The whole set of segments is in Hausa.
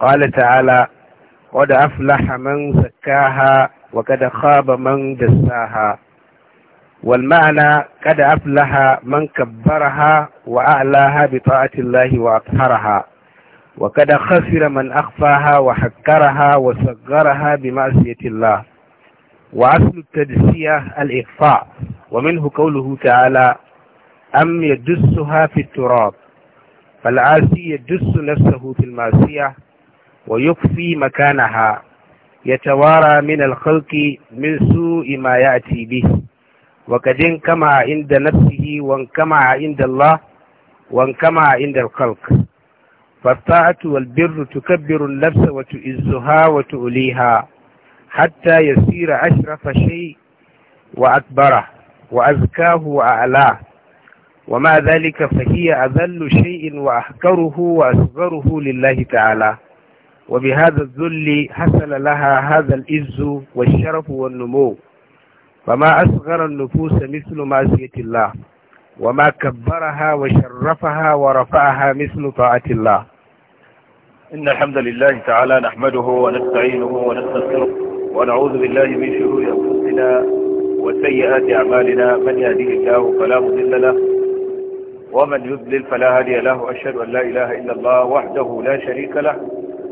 قال تعالى قد أفلح من زكاها وقد خاب من دساها والمعنى قد أفلح من كبرها وأعلاها بطاعة الله وأطهرها وقد خسر من أخفاها وحكرها وصغرها بمعصية الله وأصل التدسية الإخفاء ومنه قوله تعالى أم يدسها في التراب فالعاصي يدس نفسه في المعصية ويكفي مكانها يتوارى من الخلق من سوء ما يأتي به وقد انكمع عند نفسه وانكمع عند الله وانكمع عند الخلق فالطاعة والبر تكبر النفس وتعزها وتؤليها حتى يصير أشرف شيء وأكبره وأزكاه وأعلاه ومع ذلك فهي أذل شيء وأحكره وأصغره لله تعالى وبهذا الذل حصل لها هذا العز والشرف والنمو فما أصغر النفوس مثل معصية الله وما كبرها وشرفها ورفعها مثل طاعة الله إن الحمد لله تعالى نحمده ونستعينه ونستغفره ونعوذ بالله من شرور أنفسنا وسيئات أعمالنا من يهديه الله فلا مضل له ومن يضلل فلا هادي له أشهد أن لا إله إلا الله وحده لا شريك له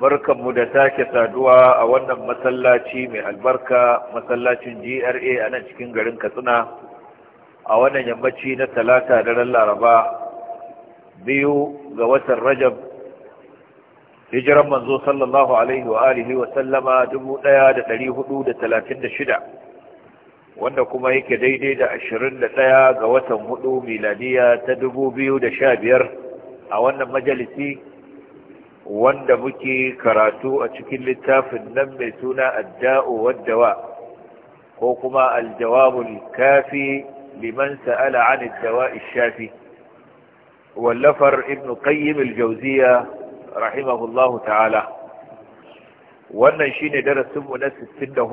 barkanmu da sake saduwa a wannan masallaci mai albarka masallacin GRA a nan cikin garin Katsina a wannan yammaci na talata daren Laraba biyu ga watan Rajab hijiran manzo sallallahu alaihi wa alihi wa sallama 1436 wanda kuma yake daidai da 21 ga watan hudu miladiya ta 2015 a wannan majalisi wanda muke karatu a cikin littafin nan mai suna adda'u waddawa ko kuma aljawabul kafi liman sa'ala an addawa'i shafi wallafar ibn qayyim al-jawziya rahimahullahu ta'ala wannan shine darasin mu na 64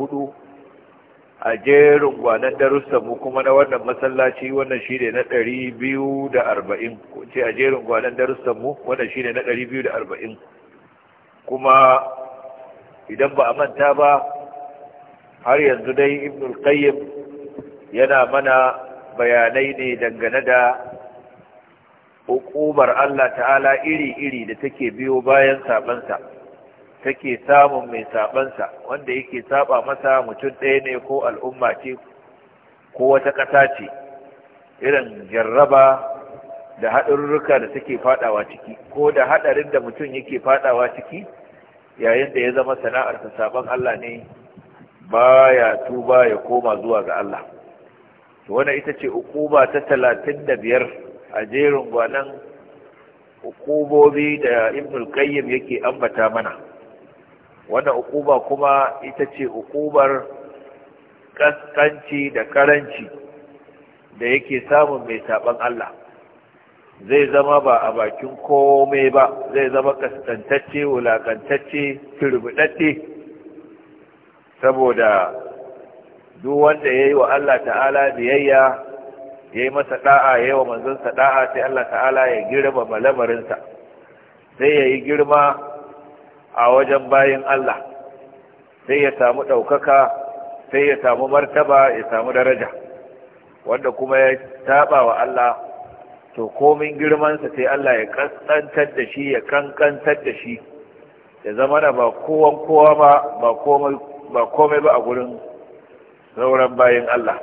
a jerin gwanan darussan mu kuma na wannan masallaci wannan shi ne na ɗari biyu da arba'in ce a jerin gwanan darussan mu wannan shi ne na ɗari biyu da arba'in kuma idan ba a manta ba har yanzu dai ibnul qayyim yana mana bayanai ne dangane da hukumar Allah ta'ala iri-iri da take biyo bayan sabansa take samun mai sabansa wanda yake saba masa mutum ɗaya ne ko al'umma ce ko wata ƙasa ce irin jarraba da haɗarurruka da suke faɗawa ciki ko da haɗarin da mutum yake faɗawa ciki yayin da ya zama sana'arsa saban Allah ne ba ya tuba ya koma zuwa ga Allah wannan ita ce ukuba ta talatin da biyar a jerin gwanan ukubobi da Ibn qayyim yake ambata mana wannan ukuba kuma ita ce ukubar kaskanci da karanci da yake samun mai saban Allah zai zama ba a bakin kome ba zai zama kaskantacce wulakantacce turbudadde saboda duk wanda ya yi wa Allah ta'ala biyayya ya yi masa da'a ya yi wa manzansa da'a sai Allah ta'ala ya girma malamarinsa sai ya yi girma a wajen bayin Allah sai ya samu ɗaukaka sai ya samu martaba ya samu daraja wanda kuma ya taɓa wa Allah to komin girmansa sai Allah ya ƙasƙantar da shi ya ƙanƙantar da shi ya zama da ba kowan kowa ba ba komai ba a gurin sauran bayin Allah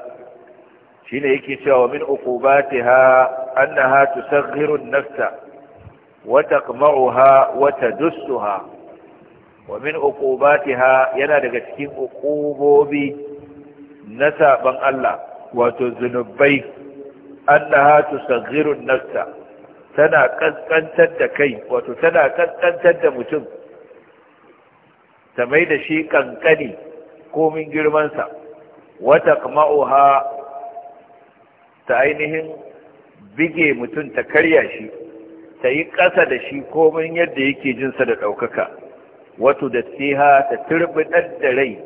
shi ne yake cewa min uku, ba ta ha an wata kuma'uha wata wa ha wa min uqubatiha yana daga cikin uqubobi na saban Allah wato zunubai annaha tusaghiru nafsa tana kaskantar da kai wato tana kaskantar da mutum ta mai da shi kankani komin girmansa wata kama'uha ta ainihin bige mutum ta karya shi ta yi ƙasa da shi komin yadda yake jinsa da ɗaukaka wato da siha ta turbidar da rai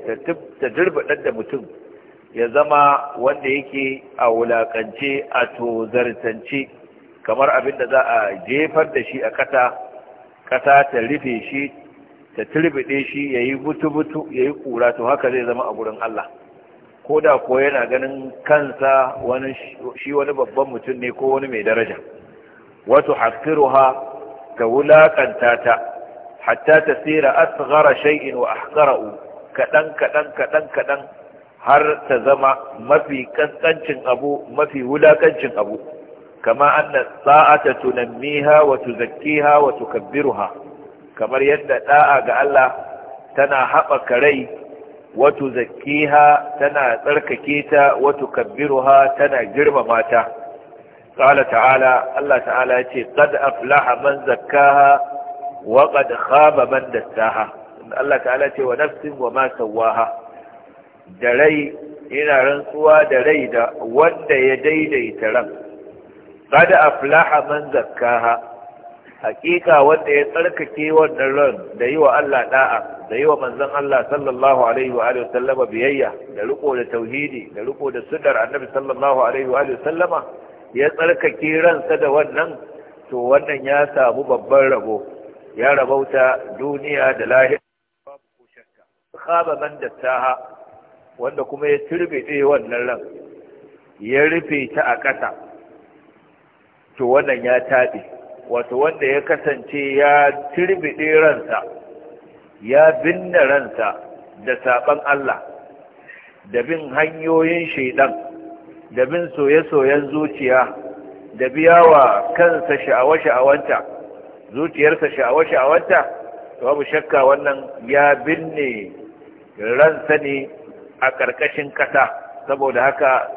ta turbidar da mutum ya zama wanda yake a wulakance a tozartance kamar abin da za a jefar da shi a kasa kasa ta rufe shi ta turbide shi ya yi butu-butu ya kura to haka zai zama a gurin Allah ko da ko yana ganin kansa wani shi wani babban mutum ne ko wani mai daraja wato haskiruha ta wulakanta ta hatta tasira asghara shay'in wa ahqara'u kadan kadan kaɗan kadan har ta zama mafi kaskancin abu mafi wulakancin abu kama anna sa'ata tunammiha wa tuzakkiha wa kamar yadda ɗa'a ga Allah tana haɓaka rai wa tuzakkiha tana tsarkake ta wa kabiruha tana girmama ta Allah ta'ala ya ce, يتي a أفلح من زكاها wa qad khaba man dassaha Allah ta'ala ce wa nafsin wa ma sawaha da rai ina rantsuwa da rai da wanda ya daidaita ran qad aflaha man zakkaha hakika wanda ya tsarkake wannan ran da yi wa Allah da'a da yi wa manzon Allah sallallahu alaihi wa alihi sallama biyayya da riko da tauhidi da riko da sunnar annabi sallallahu alaihi wa alihi sallama ya tsarkake ransa da wannan to wannan ya samu babban rabo ya rabauta duniya da lahira babu ko shakka khaba man dattaha wanda kuma ya turbide wannan ran ya rufe ta a ƙasa to wannan ya tabe wato wanda ya kasance ya turbide ransa ya binne ransa da saban Allah da bin hanyoyin shaidan da bin soye-soyen zuciya da biya wa kansa sha'awa-sha'awanta zuciyarsa sha'awa-sha'awarta babu shakka wannan ya binne ransa ne a ƙarƙashin ƙasa saboda haka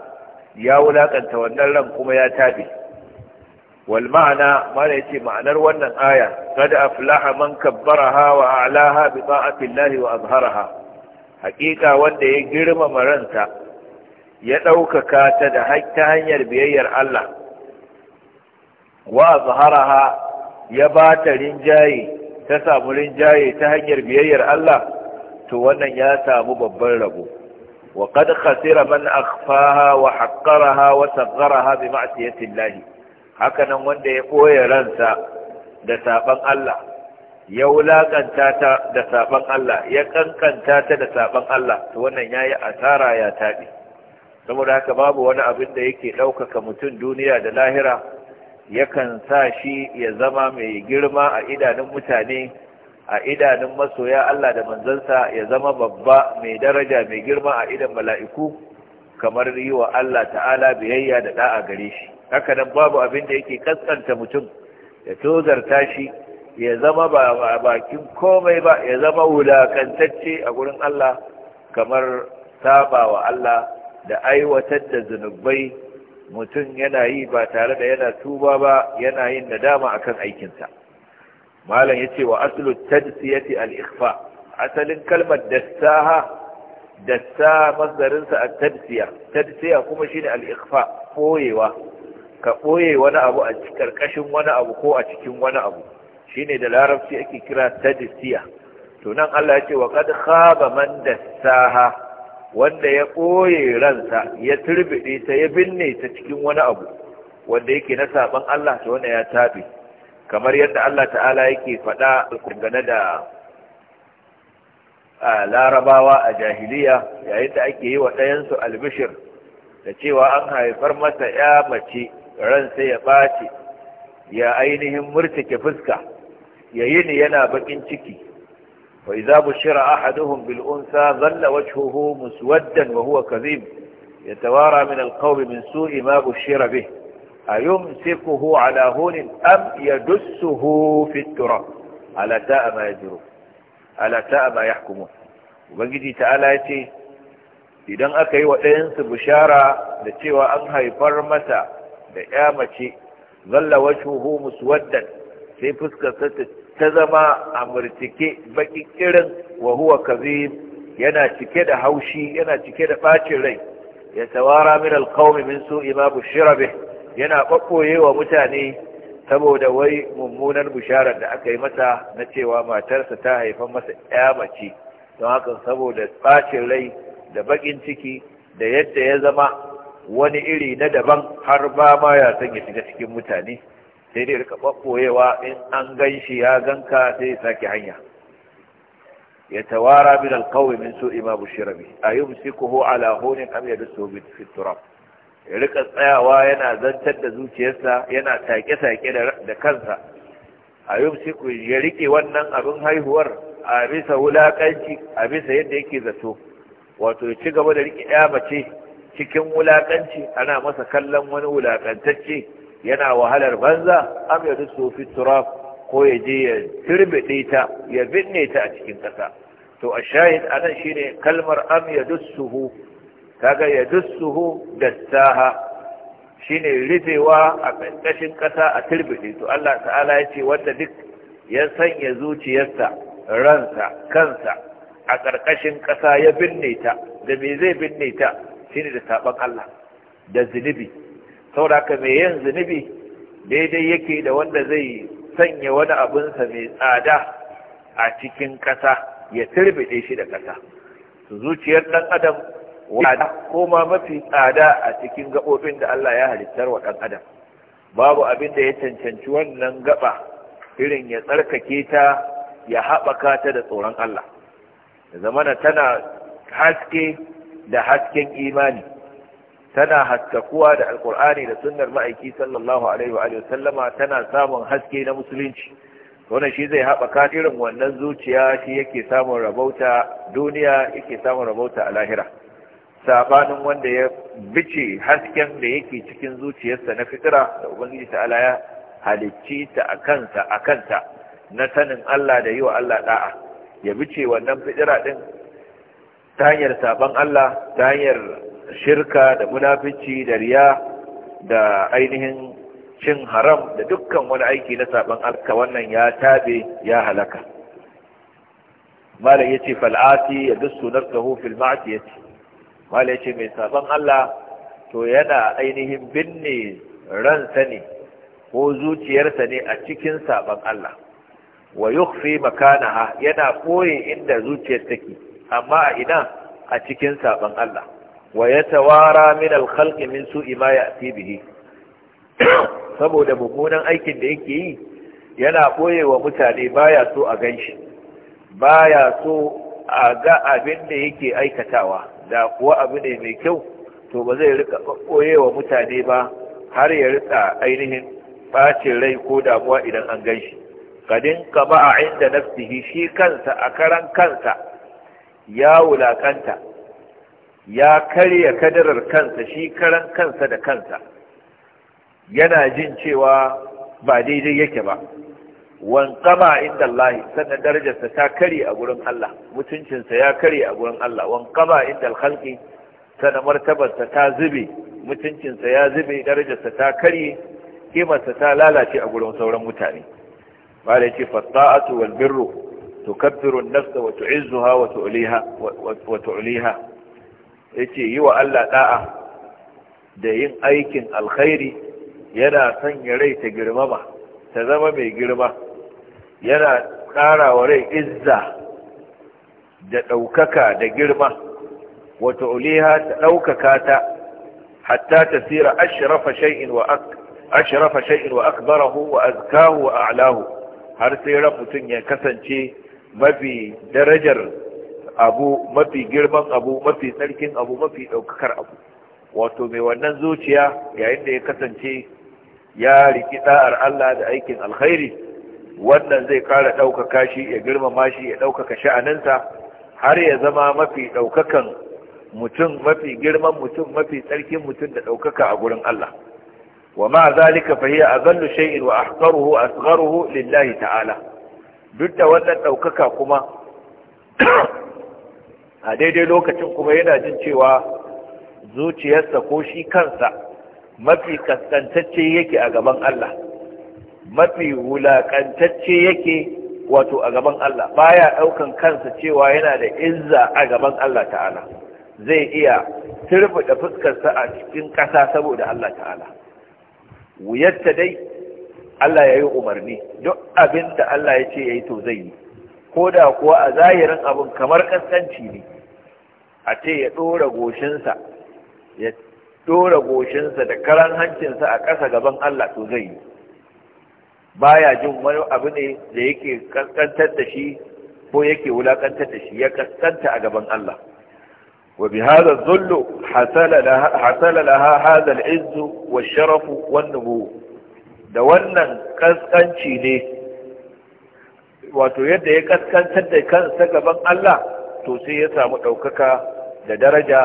ya wulaƙanta wannan ran kuma ya tabi wal ma'ana mana yace ma'anar wannan aya kada aflaha man kabbaraha wa a'laha bi llahi wa azharaha haƙiƙa wanda ya girmama ranta ya ɗaukaka ta da hanyar biyayyar Allah wa azharaha ya ba ta rinjaye ta samu rinjaye ta hanyar biyayyar Allah to wannan ya samu babban rabo wa qad khasira man akhfaha wa haqqaraha wa sagharaha bi ma'siyati Allah hakanan wanda ya koya ransa da saban Allah ya wulakanta ta da saban Allah ya kankanta ta da saban Allah to wannan yayi asara ya tabi saboda haka babu wani abin da yake ɗaukaka mutum duniya da lahira yakan sa shi ya zama mai girma a idanun mutane a idanun masoya Allah da manzansa ya zama babba mai daraja mai girma a idan mala'iku kamar yi wa Allah ta'ala biyayya da da'a gare shi haka nan babu abin da yake kaskanta mutum ya tozarta shi ya zama ba bakin komai ba ya zama wulakantacce a gurin Allah kamar saba wa Allah da aiwatar da zunubai mutum yana yi ba tare da yana tuba ba yana yin nadama akan aikinsa malam yace wa aslu tajsiyati al-ikhfa asalin kalmar dassaha dassa masdarinsa at-tajsiya tajsiya kuma shine al-ikhfa boyewa ka boye wani abu a cikin karkashin wani abu ko a cikin wani abu shine da larabci ake kira tajsiya to nan Allah yace wa qad khaba man dassaha wanda ya ɓoye ransa ya turbide ta ya binne ta cikin wani abu wanda yake na saban Allah ta wanda ya tabe kamar yadda Allah ta'ala yake faɗa dangane da larabawa a jahiliya yayin da ake yi wa ɗayansu albishir da cewa an haifar masa ya mace ransa ya ɓace, ya ainihin murtike fuska ya yini yana baƙin ciki وإذا بشر أحدهم بالأنثى ظل وجهه مسودا وهو كذيب يتوارى من القوم من سوء ما بشر به أيمسكه على هون أم يدسه في التراب ألا تاء ما يجرون ألا تاء ما يحكمون وبجدي تعالى يتي إذن أكي وإنس بشارة لتي da cewa an ظل وجهه مسودا في فسكة ستة ta zama a murtike baƙin irin wa huwa kazim yana cike da haushi yana cike da ɓacin rai ya tawara min alqawmi min su imabu shirabe yana ɓaɓɓoye wa mutane saboda wai mummunar bisharar da aka yi masa na cewa matarsa ta haifa masa ya mace don haka saboda ɓacin rai da baƙin ciki da yadda ya zama wani iri na daban har ba ma ya san ya shiga cikin mutane sai dai rika ɓaɓɓoyewa in an gan shi ya ganka sai ya sake hanya ya tawara min alkawai min so ima bushira bi a yi musu kuhu alahonin am ya dusu bi fitura ya rika tsayawa yana zantar da zuciyarsa yana take-take da kansa a yi musiku ya rike wannan abin haihuwar a bisa wulaƙanci a bisa yadda yake zato wato ya ci gaba da rike ɗaya mace cikin wulaƙanci ana masa kallon wani wulaƙantacce yana wahalar banza am ya dusu fi turaf ko ya je ya turbide ta ya binne ta a cikin ƙasa. to a shahid anan shine kalmar am ya dusuhu kaga ya da dassaha shine rufewa a ƙarƙashin ƙasa a turbide to Allah ta'ala ya ce wanda duk ya sanya zuciyarsa ransa kansa a ƙarƙashin ƙasa ya binne ta da me zai binne ta shine da saban Allah da zunubi saboda haka mai yin zunubi daidai yake da wanda zai sanya wani abinsa mai tsada a cikin ƙasa ya turbide shi da ƙasa zuciyar ɗan adam wada ma mafi tsada a cikin gaɓoɓin da Allah ya halittar wa ɗan adam babu abin da ya cancanci wannan gaɓa. irin ya tsarkake ta ya haɓaka ta da tsoron Allah zamana tana haske da hasken imani tana haskakuwa da alkur'ani da sunnar ma'aiki sallallahu alaihi wa sallama tana samun haske na musulunci wannan shi zai haɓaka irin wannan zuciya shi yake samun rabauta duniya yake samun rabauta a lahira sabanin wanda ya bice hasken da yake cikin zuciyarsa na fitira da ubangiji ta'ala ya halicci ta a kansa a kanta na sanin Allah da yiwa wa Allah da'a ya bice wannan fitira ɗin ta hanyar saban Allah ta hanyar shirka da munafici da riya da ainihin cin haram da dukkan wani aiki na saban alka wannan ya tabe ya halaka malam yace fal'ati ya dusu nafsahu fil ma'siyati malam yace mai saban Allah to yana ainihin binne ransa ne ko zuciyarsa ne a cikin saban Allah wa yukhfi makanaha yana koye inda zuciyar take amma ina a cikin saban Allah wa yatawara min al min su'i ma ya'ti bihi saboda mummunan aikin da yake yi yana boye wa mutane baya so a ganshi baya so a ga abin da yake aikatawa da kuwa abu ne mai kyau to ba zai rika boyewa wa mutane ba har ya rika ainihin bacin rai ko damuwa idan an ganshi kadin ba a inda nafsihi shi kansa a karan kansa ya wulakanta ya karya kadarar kansa shi karan kansa da kansa yana jin cewa ba daidai yake ba wanqama inda Allah sannan darajarsa ta kare a gurin Allah mutuncinsa ya kare a gurin Allah wanqama inda al-khalqi sannan martabarsa ta zube mutuncinsa ya zube darajarsa ta kare kimarsa ta lalace a gurin sauran mutane ba da ce fatta'atu wal birru tukabbiru an-nafsa wa tu'izzuha wa tu'liha wa tu'liha yace yi wa Allah da'a da yin aikin alkhairi yana sanya rai ta girmama ta zama mai girma yana ƙara wa rai izza da ɗaukaka da girma wata uliha ta ɗaukaka ta hatta ta tsira ashirafa shay'in wa akbarahu wa azkahu wa a'lahu har sai ran mutum ya kasance mafi darajar abu mafi girman abu mafi tsarkin abu mafi ɗaukakar abu wato mai wannan zuciya yayin da ya kasance ya riki da'ar Allah da aikin alkhairi wannan zai kara ɗaukaka shi ya girmama shi ya ɗaukaka sha'aninsa har ya zama mafi ɗaukakan mutum mafi girman mutum mafi tsarkin mutum da ɗaukaka a gurin Allah wa ma zalika fa hiya azallu shay'in wa ahqaruhu asgharuhu lillahi ta'ala duk da wannan ɗaukaka kuma a daidai lokacin kuma yana jin cewa zuciyarsa ko shi kansa mafi kaskantacce yake a gaban Allah mafi wulakantacce yake wato a gaban Allah baya daukan kansa cewa yana da izza a gaban Allah ta'ala zai iya da fuskarsa a cikin ƙasa saboda Allah ta'ala wuyarta dai Allah ya yi umarni duk abinda Allah ya ce ya yi to zai yi ko da kuwa a zahirin abin kamar kaskanci ne a ce ya ɗora goshinsa ya ɗora goshinsa da karan hancinsa a ƙasa gaban Allah to zai yi baya jin wani abu ne da yake kaskantar da shi ko yake wulakantar da shi ya kaskanta a gaban Allah wa bi hadha dhullu hasala laha hasala laha hadha al-izz wa da wannan kaskanci ne wato yadda ya kaskantar da kansa gaban Allah to sai ya samu ɗaukaka da daraja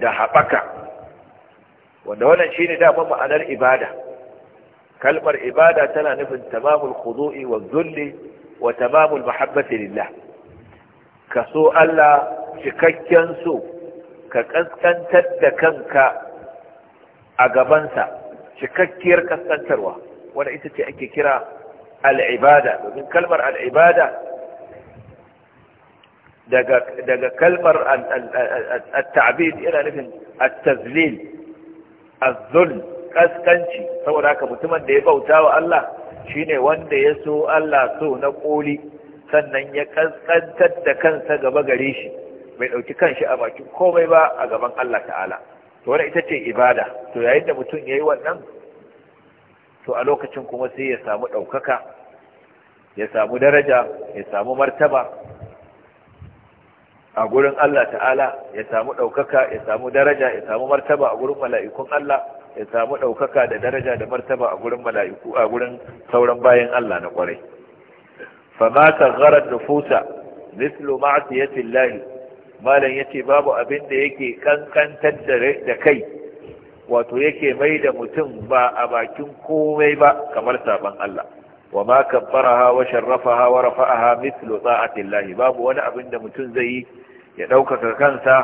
da haɓaka wanda wannan shi ne dafa ma'anar ibada kalmar ibada tana nufin tamamul khudu'i wa zulli wa tamamul mahabbati lillah ka so Allah cikakken so ka kaskantar da kanka a gabansa cikakkiyar kaskantarwa wanda ita ce ake kira al'ibada domin kalmar al'ibada daga kalmar al yana nufin at-tazlil ƙaskanci saboda haka mutumin da ya bauta wa Allah ne wanda ya so Allah so na ƙoli sannan ya kaskantar da kansa gaba gare shi bai ɗauki kanshi a bakin komai ba a gaban Allah ta'ala to wani ita ce ibada to yayin da mutum ya yi wannan to a lokacin kuma sai ya samu ɗaukaka ya samu daraja ya samu martaba a gurin Allah ta'ala ya samu ɗaukaka ya samu daraja ya samu martaba a gurin mala'ikun Allah ya samu ɗaukaka da daraja da martaba a gurin mala'iku a gurin sauran bayan Allah na ƙwarai fama tagharar nufusa mislu ma'asiyatillahi malam yace babu abin da yake kankantar da kai wato yake mai da mutum ba a bakin komai ba kamar saban Allah wa ma kabbaraha wa sharrafaha wa rafa'aha mithlu ta'atillahi babu wani abin da mutum zai yi ya ɗaukaka kansa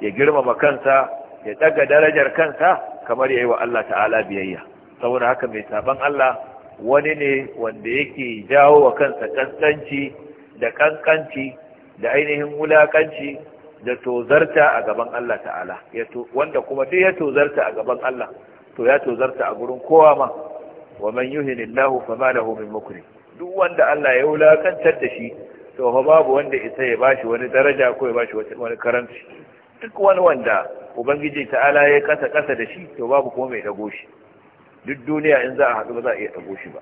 ya girmama kansa ya daga darajar kansa kamar yayi wa Allah ta'ala biyayya saboda haka mai saban Allah wani ne wanda yake jawo wa kansa kankanci, da kankanci da ainihin wulakanci da tozarta a gaban Allah ta'ala wanda kuma duk ya tozarta a gaban Allah to ya tozarta a gurin kowa ma wa man fa ma lahu min mukrim duk wanda Allah ya wulakantar da shi to fa babu wanda isa ya bashi wani daraja ko ya bashi wani karanci duk wani wanda ubangiji ta'ala ya kasa kasa da shi to babu kuma mai dago shi duk duniya in za a haɗu ba za a iya dago shi ba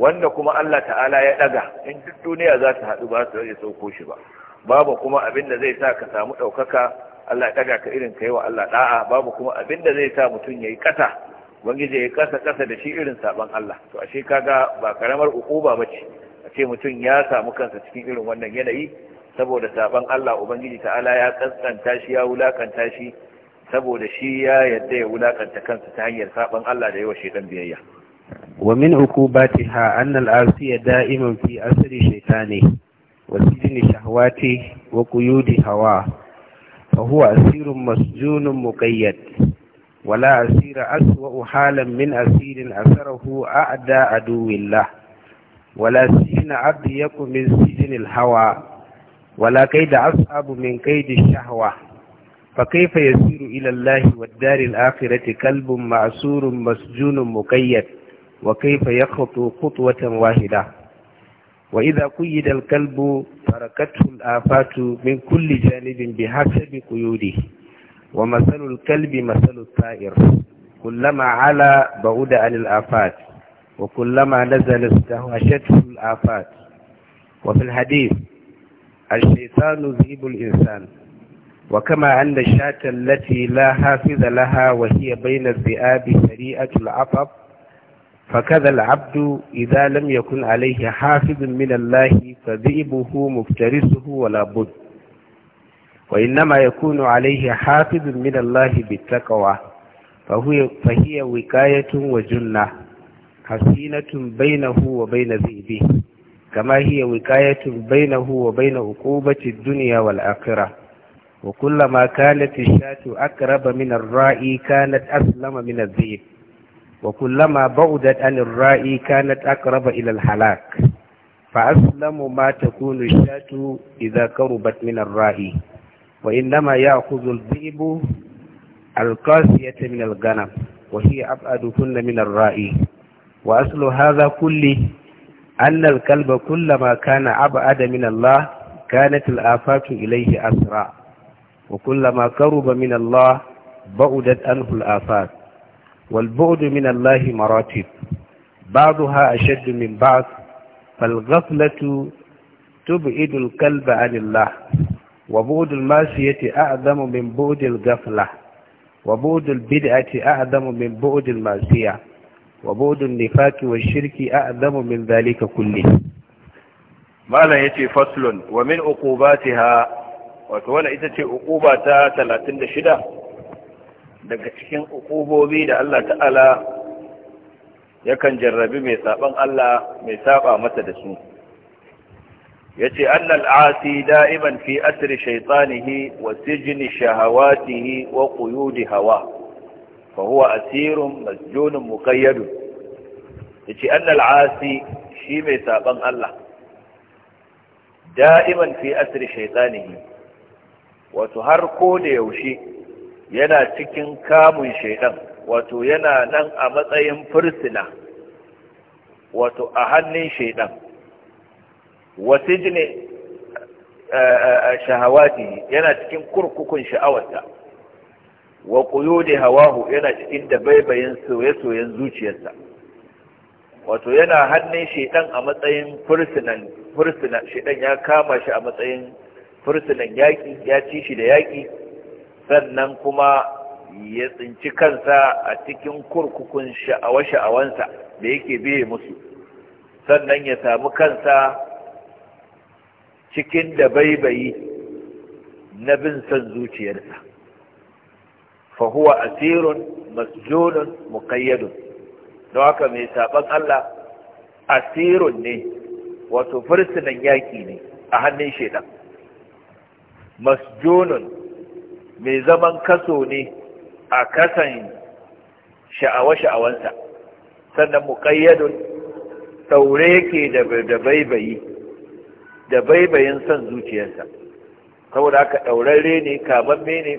wanda kuma Allah ta'ala ya daga in duk duniya za ta haɗu ba za ta iya sauko shi ba babu kuma abin da zai sa ka samu ɗaukaka Allah ɗaga ka irin ka yi wa Allah ɗa'a babu kuma abin da zai sa mutum ya yi ƙasa ubangiji ya yi ƙasa ƙasa da shi irin saɓon Allah to ashe kaga ba karamar uquba ba ce a ce mutum ya samu kansa cikin irin wannan yanayi saboda saɓon Allah ubangiji ta'ala ya ƙasƙanta shi ya wulakanta shi saboda shi ya yadda ya wulakanta kansa ta hanyar saɓon Allah da yawa shaidan biyayya ومن عقوباتها أن العاصي دائما في أسر شيطانه وسجن شهواته وقيود هواه فهو أسير مسجون مقيد ولا أسير أسوأ حالا من أسير أسره أعدى عدو الله ولا سجن يكن من سجن الهوى ولا كيد أصعب من كيد الشهوة فكيف يسير إلى الله والدار الآخرة كلب معسور مسجون مقيد وكيف يخطو خطوة واحدة وإذا قيد الكلب تركته الآفات من كل جانب بحسب قيوده ومثل الكلب مثل الطائر كلما علا بعد عن الآفات وكلما نزل استهوشته الآفات وفي الحديث الشيطان ذئب الإنسان وكما أن الشاة التي لا حافظ لها وهي بين الذئاب سريئة العطب فكذا العبد إذا لم يكن عليه حافظ من الله فذئبه مفترسه ولا بد وإنما يكون عليه حافظ من الله بالتقوى فهي, فهي وجنة حسينة بينه وبين ذئبه كما هي وكاية بينه وبين عقوبة الدنيا والآخرة وكلما كانت الشاة أقرب من الرائي كانت أسلم من الذئب وكلما بعدت عن الرأي كانت أقرب إلى الهلاك فأسلم ما تكون الشاة إذا قربت من الرأي وإنما يأخذ الذئب القاسية من الغنم وهي أبعدهن من الرأي وأصل هذا كله أن الكلب كلما كان أبعد من الله كانت الآفات إليه أسرع وكلما قرب من الله بعدت عنه الآفات والبعد من الله مراتب بعضها أشد من بعض فالغفلة تبعد القلب عن الله وبعد المعصية أعظم من بعد الغفلة وبعد البدعة أعظم من بعد المعصية وبعد النفاق والشرك أعظم من ذلك كله ما لا يتي فصل ومن عقوباتها وتولى إتتي عقوبة 36 daga cikin ukubobi da Allah ta'ala yakan jarrabi mai saɓan Allah mai saɓa masa da su Ya ce annal asi da'iman fi asri shaytanihi wa sijni shahawatihi wa quyudi hawa fa huwa asirin asirun masjunun Ya ce annal asi shi mai saɓan Allah da'iman fi asiri shaytanihi wato har ko da yaushe yana cikin kamun shaidan wato yana nan a matsayin fursuna wato a hannun shaidan wasu jini eh, eh, eh, shahawati yana cikin kurkukun sha'awarta wa da hawahu yana cikin dabaibayin soye-soyen zuciyarsa wato yana hannun shaidan a matsayin fursunan fursuna shaidan ya kama shi a matsayin fursunan yaƙi ya ci shi da yaƙi sannan kuma ya tsinci kansa a cikin kurkukun sha'awa-sha'awansa da yake biye musu sannan ya samu kansa cikin da baibayi na bin son zuciyarsa fahuwa asirun masjunun muqayyadun don haka mai saban Allah asirun ne wato fursunan yaƙi ne a hannun shaidan masjunun mai zaman kaso ne a kasan sha'awa-sha'awansa sannan muƙayyadun taure yake da baibayi da baibayin son zuciyarsa saboda haka ɗaurare ne kamamme ne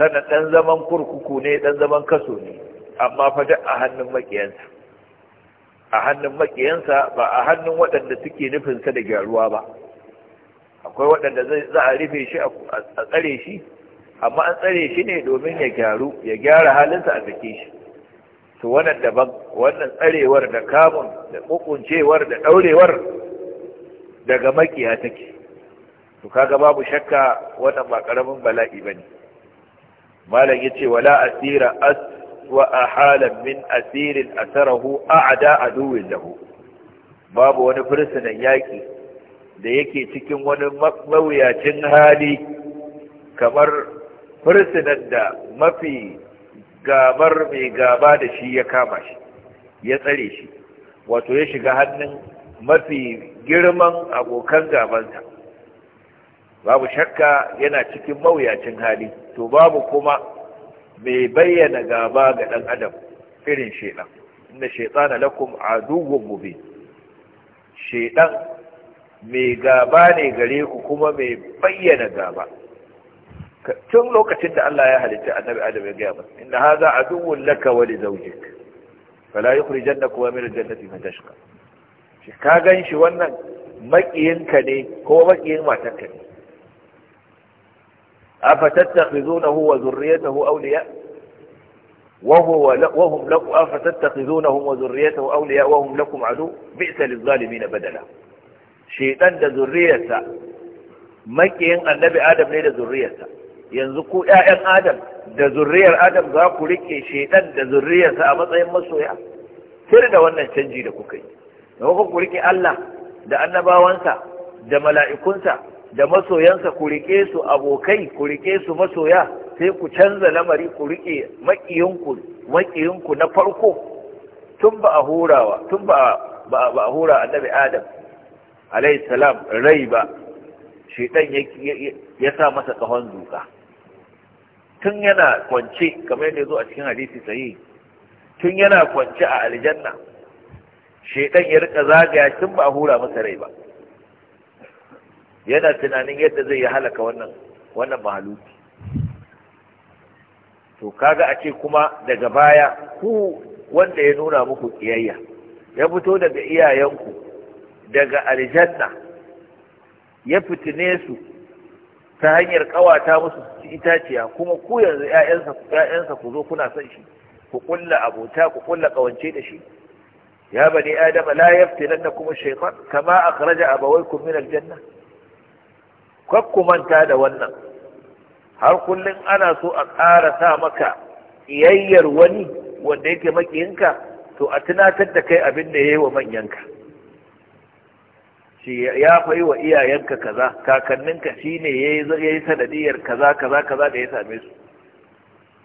sannan ɗan zaman kurkuku ne ɗan zaman kaso ne amma fada a hannun maƙiyansa a hannun maƙiyansa ba a hannun waɗanda suke nufinsa da gyaruwa ba akwai waɗanda za a rufe shi a tsare shi amma an tsare shi ne domin ya gyaru ya gyara halinsa a sake shi to wannan daban wannan tsarewar da kamun da kukuncewar da daurewar daga makiya take to kaga babu shakka wannan ba karamin bala'i bane malam yace wala asira as wa ahala min asirin asarahu a'da aduwin lahu babu wani fursunan yaƙi da yake cikin wani mawuyacin hali kamar fursunan da mafi gabar mai gaba da shi ya kama shi ya tsare shi wato ya shiga hannun mafi girman abokan gabanta, babu shakka yana cikin mawuyacin hali to babu kuma mai bayyana gaba ga ɗan adam irin shaidan inda na lakum aduwwun mubin shaidan mai gaba ne gare ku kuma mai bayyana gaba tun lokacin da Allah ya halitta annabi adam ya gaya masa inna hadha aduwwun laka wa li zawjik fala yukhrijannaka min al-jannati fatashqa shi ka ganshi wannan makiyinka ne ko makiyin matarka ne afatattakhizunahu wa zurriyatahu awliya وهو وهم لكم افتتخذونهم وذريته اولياء وهم لكم عدو بئس للظالمين بدلا شيطان da ذريته makiyin annabi adam ne da zurriyarsa yanzu ku ƴaƴan adam da zurriyar adam za ku rike shedan da zurriyarsa a matsayin masoya sai da wannan canji da kuka yi da kuka ku rike Allah da annabawansa da mala'ikunsa da masoyansa ku rike su abokai ku rike su masoya sai ku canza lamari ku rike makiyinku makiyinku na farko tun ba a hurawa tun ba ba a hura annabi adam alayhi salam rai ba shedan ya sa masa kahon zuka tun yana kwance kamar yadda zo a cikin hadisi sahihi tun yana kwance a aljanna shedan ya rika zagaya tun ba a hura masa rai ba yana tunanin yadda zai yi halaka wannan wannan mahaluki to kaga a ce kuma daga baya ku wanda ya nuna muku kiyayya ya fito daga iyayenku daga aljanna ya fitine su ta hanyar kawata musu ci itaciya kuma ku yanzu ƴaƴansa ku zo kuna son shi ku kulla abota ku kulla kawance da shi ya bani adama la nan kuma shaytan kama akhraja abawaykum min aljanna janna manta da wannan har kullum ana so a ƙara sa maka iyayyar wani wanda yake makiyinka to a tunatar da kai abin da yayi wa manyanka ce ya fai wa iyayenka kaza kakanninka shi ne ya yi sanadiyar kaza kaza kaza da ya same su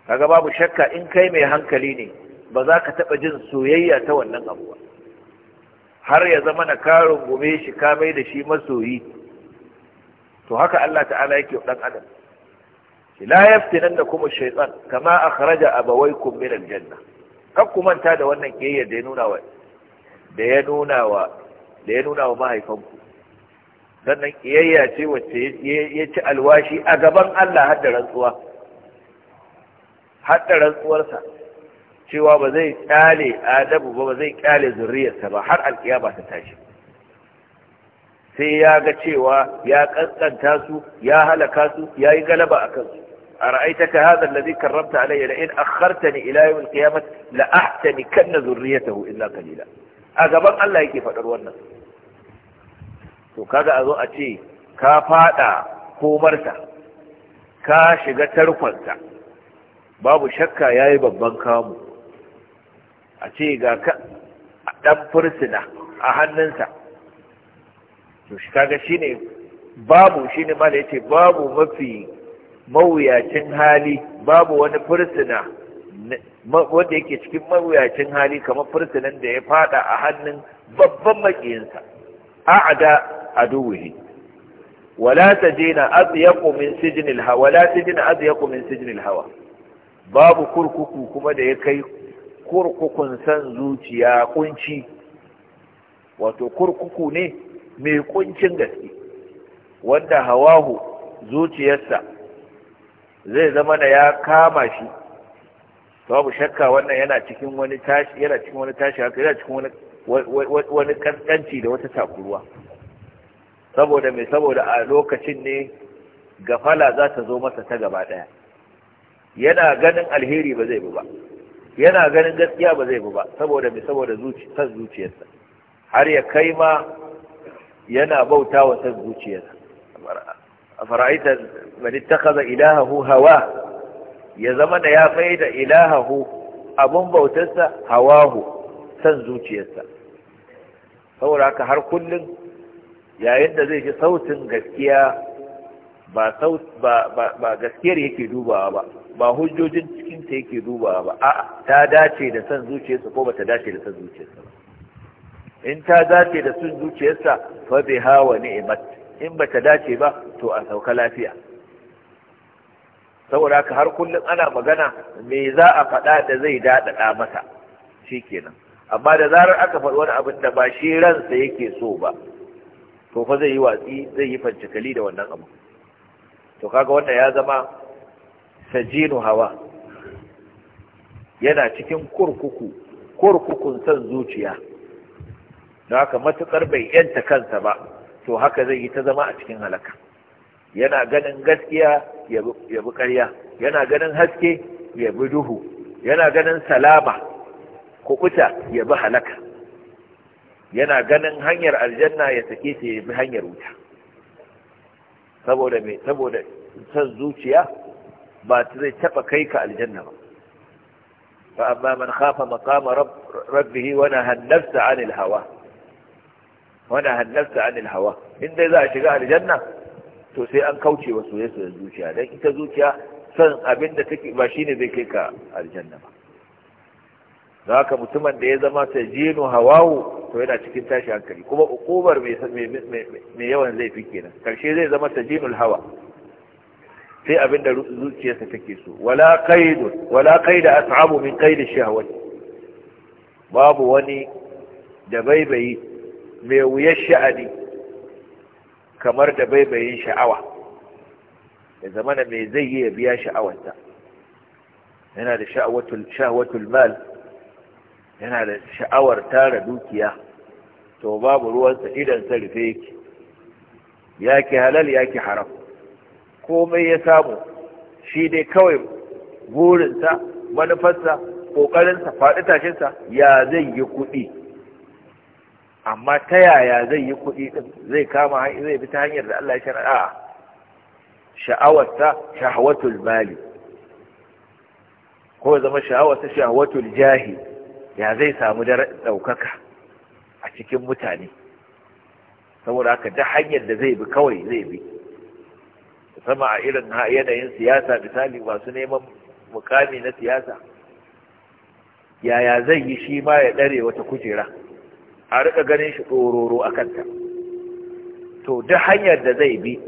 kaga babu shakka in kai mai hankali ne ba za ka taɓa jin soyayya ta wannan abuwa har ya zama na karin gume shi kamai da shi masoyi to haka Allah ta'ala yake ɗan adam la nan da kuma shaitan kama akhraja abawaykum min aljanna kan ku manta da wannan ƙiyayyar da ya nuna wa da ya nuna wa da ya nuna wa mahaifanku sannan kiyayya ce wacce ya ci alwashi a gaban Allah hadda rantsuwa rantsuwarsa cewa ba zai kyale adamu ba ba zai kyale zurriyarsa ba har alkiyama ta tashi sai ya ga cewa ya kankanta su ya halaka su ya yi galaba a kansu a ka hadha alladhi karramta alayya la in akhartani ila yawm al-qiyamah la ahtanikanna zurriyatahu illa qalila a gaban Allah yake faɗar wannan to kaga a zo a ce ka faɗa komarsa ka shiga tarkonsa babu shakka ya yi babban kamu a ce ga ka ɗan fursuna a hannunsa to shi kaga shi ne babu shi ne ma da ya ce babu mafi mawuyacin hali babu wani fursuna wanda yake cikin mawuyacin hali kamar fursunan da ya fada a hannun babban makiyinsa A'a aduwihi wala tajina azyaqu min sijnil hawa wala min sijinil hawa babu kurkuku kuma da ya kai kurkukun san zuciya kunci wato kurkuku ne mai kuncin gaske wanda hawahu zuciyarsa zai zama na ya kama shi babu shakka wannan yana cikin wani tashi yana cikin wani tashi haka yana cikin wani wani kaskanci da wata takuruwa saboda mai saboda a lokacin ne gafala za ta zo masa ta gaba daya yana ganin alheri ba zai bi ba yana ganin gaskiya ba zai bi ba saboda mai saboda zuci san zuciyarsa har ya kai ma yana bauta wa san zuciyarsa a fara'ita man ittakhadha ilahahu hawa ya zama da ya mai da ilahahu abun bautarsa hawahu san zuciyarsa saboda haka har kullum yayin da zai ji sautin gaskiya ba ba gaskiyar yake dubawa ba ba hujjojin cikin ta yake dubawa ba a'a ta dace da san zuciyarsa ko ba ta dace da san zuciyarsa ba in ta dace da san zuciyarsa fa biha hawa ni'mat in ba ta dace ba to a sauka lafiya saboda haka har kullum ana magana me za a faɗa da zai daɗaɗa masa shi kenan amma da zarar aka faɗi wani abin da ba shi ransa yake so ba to fa zai yi watsi zai yi fancikali da wannan abu to kaga wannan ya zama sajinu hawa yana cikin kurkuku kurkukun san zuciya don haka matukar bai yanta kansa ba to haka zai yi ta zama a cikin halaka yana ganin gaskiya ya bi ƙarya yana ganin haske ya bi duhu yana ganin salama kukuta ya bi halaka yana ganin hanyar aljanna ya sake ta ya bi hanyar wuta saboda mai saboda son zuciya ba ta zai taɓa kai ka aljanna ba fa amma man khafa maqama rabbihi wa nahaa an-nafsa 'anil hawa wa nahaa an-nafsa 'anil hawa in dai za a shiga aljanna to sai an kauce wa da zuciya dan ita zuciya san abin da take ba shine zai kai ka aljanna ba haka mutumin da ya zama sai jinu hawawu to yana cikin tashi hankali kuma ukubar mai mai yawan zai fi kenan karshe zai zama jinul hawa sai abin da zuciyarsa take so wala qaid wala qaid as'abu min ash shahwati babu wani da mai wuyar sha'ani kamar da baibayin sha'awa ya zama na mai zai yi ya biya sha'awarta yana da sha'awatul mal yana da sha'awar tara dukiya to babu ruwansa idan sa yake ya ke halal ya ke haram komai ya samu shi dai kawai burinsa manufarsa ƙoƙarinsa faɗi tashinsa ya zai yi kuɗi amma ta yaya zai yi kuɗi ɗin, zai kama zai bi ta hanyar da Allah ya shara'a sha'awarta shahwatul mali ko zama sha'awarsa shahwatul jahi ya zai samu ɗaukaka a cikin mutane saboda haka ta hanyar da zai bi kawai zai bi sama a irin yanayin siyasa misali masu neman mukami na siyasa yaya zai yi shi ma ya ɗare wata kujera a rika ganin shi ɗororo a kanta to da hanyar da zai bi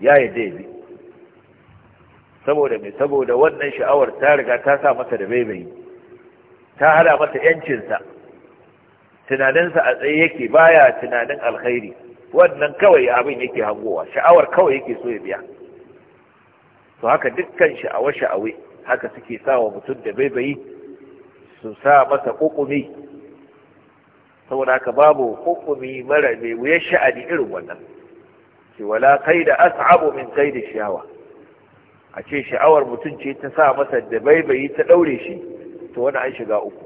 ya yi zai bi saboda mai saboda wannan sha'awar ta riga ta sa masa da baibayi ta hada masa yancinsa tunaninsa a tsaye yake baya tunanin alkhairi wannan kawai abin yake hangowa sha'awar kawai yake so ya biya to haka dukkan sha'awa shaawai haka suke sa wa mutum da baibayi su sa masa ƙuƙumi saboda haka babu hukumi mara mai wuyar sha'ani irin wannan ce wala kai da as'abu min kai da shawa a ce sha'awar mutum ce ta sa masa da baibayi ta daure shi to wani an shiga uku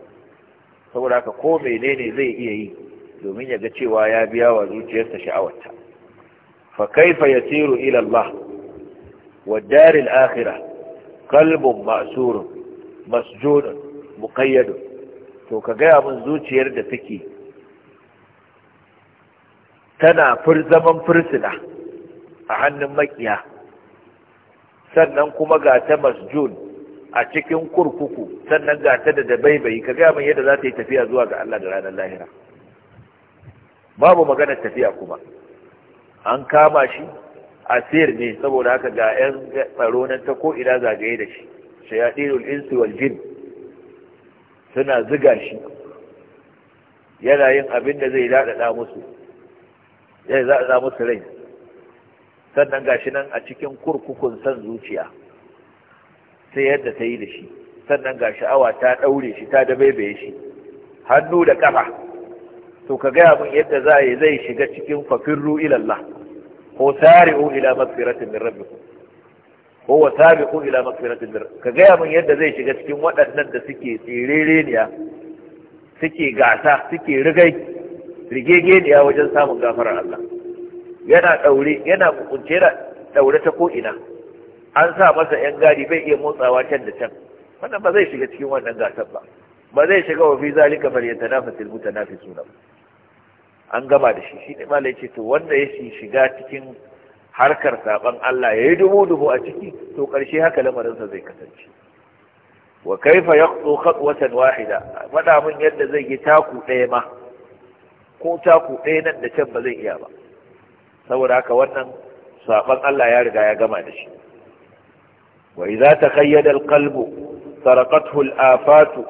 saboda haka ko menene zai iya yi domin ya ga cewa ya biya wa zuciyarsa sha'awarta fa kaifa yasiru ila Allah wa daril akhirah qalbun ma'surun masjunun muqayyad to ka gaya mun zuciyar da take tana zaman fursuna a hannun makiya sannan kuma ga ta masjun a cikin kurkuku sannan ga ta da dabaibai ka gaya min yadda za ta yi tafiya zuwa ga Allah da ranar lahira babu maganar tafiya kuma an kama shi a asir ne saboda haka ga 'yan tsaro nan ta ko'ina zagaye da shi shayadirul insu wal jin suna ziga shi yana yin abin da zai daɗaɗa musu zai za musu rai sannan gashi nan a cikin kurkukun san zuciya sai yadda ta yi da shi sannan ga sha'awa ta ɗaure shi ta dabaibaye shi hannu da ƙafa to ka gaya min yadda za a yi zai shiga cikin fafirru ilallah ko sari'u ila magfiratin min rabbikum ko wa sabiqu ila magfiratin min ka gaya min yadda zai shiga cikin waɗannan da suke tsirereniya suke gasa suke rigai rigegeniya wajen samun gafarar Allah yana daure yana kukunce da daure ta ko ina an sa masa yan gadi bai iya motsawa can da can wannan ba zai shiga cikin wannan gasar ba ba zai shiga wa fi zalika fal yatanafasul mutanafisuna an gama da shi shi ne malai ce to wanda ya shiga cikin harkar saban Allah yayi dubu dubu a ciki to karshe haka lamarin sa zai kasance wa kaifa yaqtu khatwatan wahida fada mun yadda zai yi taku ɗaya ma ko taku ɗaya nan da can ba zan iya ba saboda haka wannan saban Allah ya riga ya gama da shi wa idza taqayyada alqalb sarqathu Afatu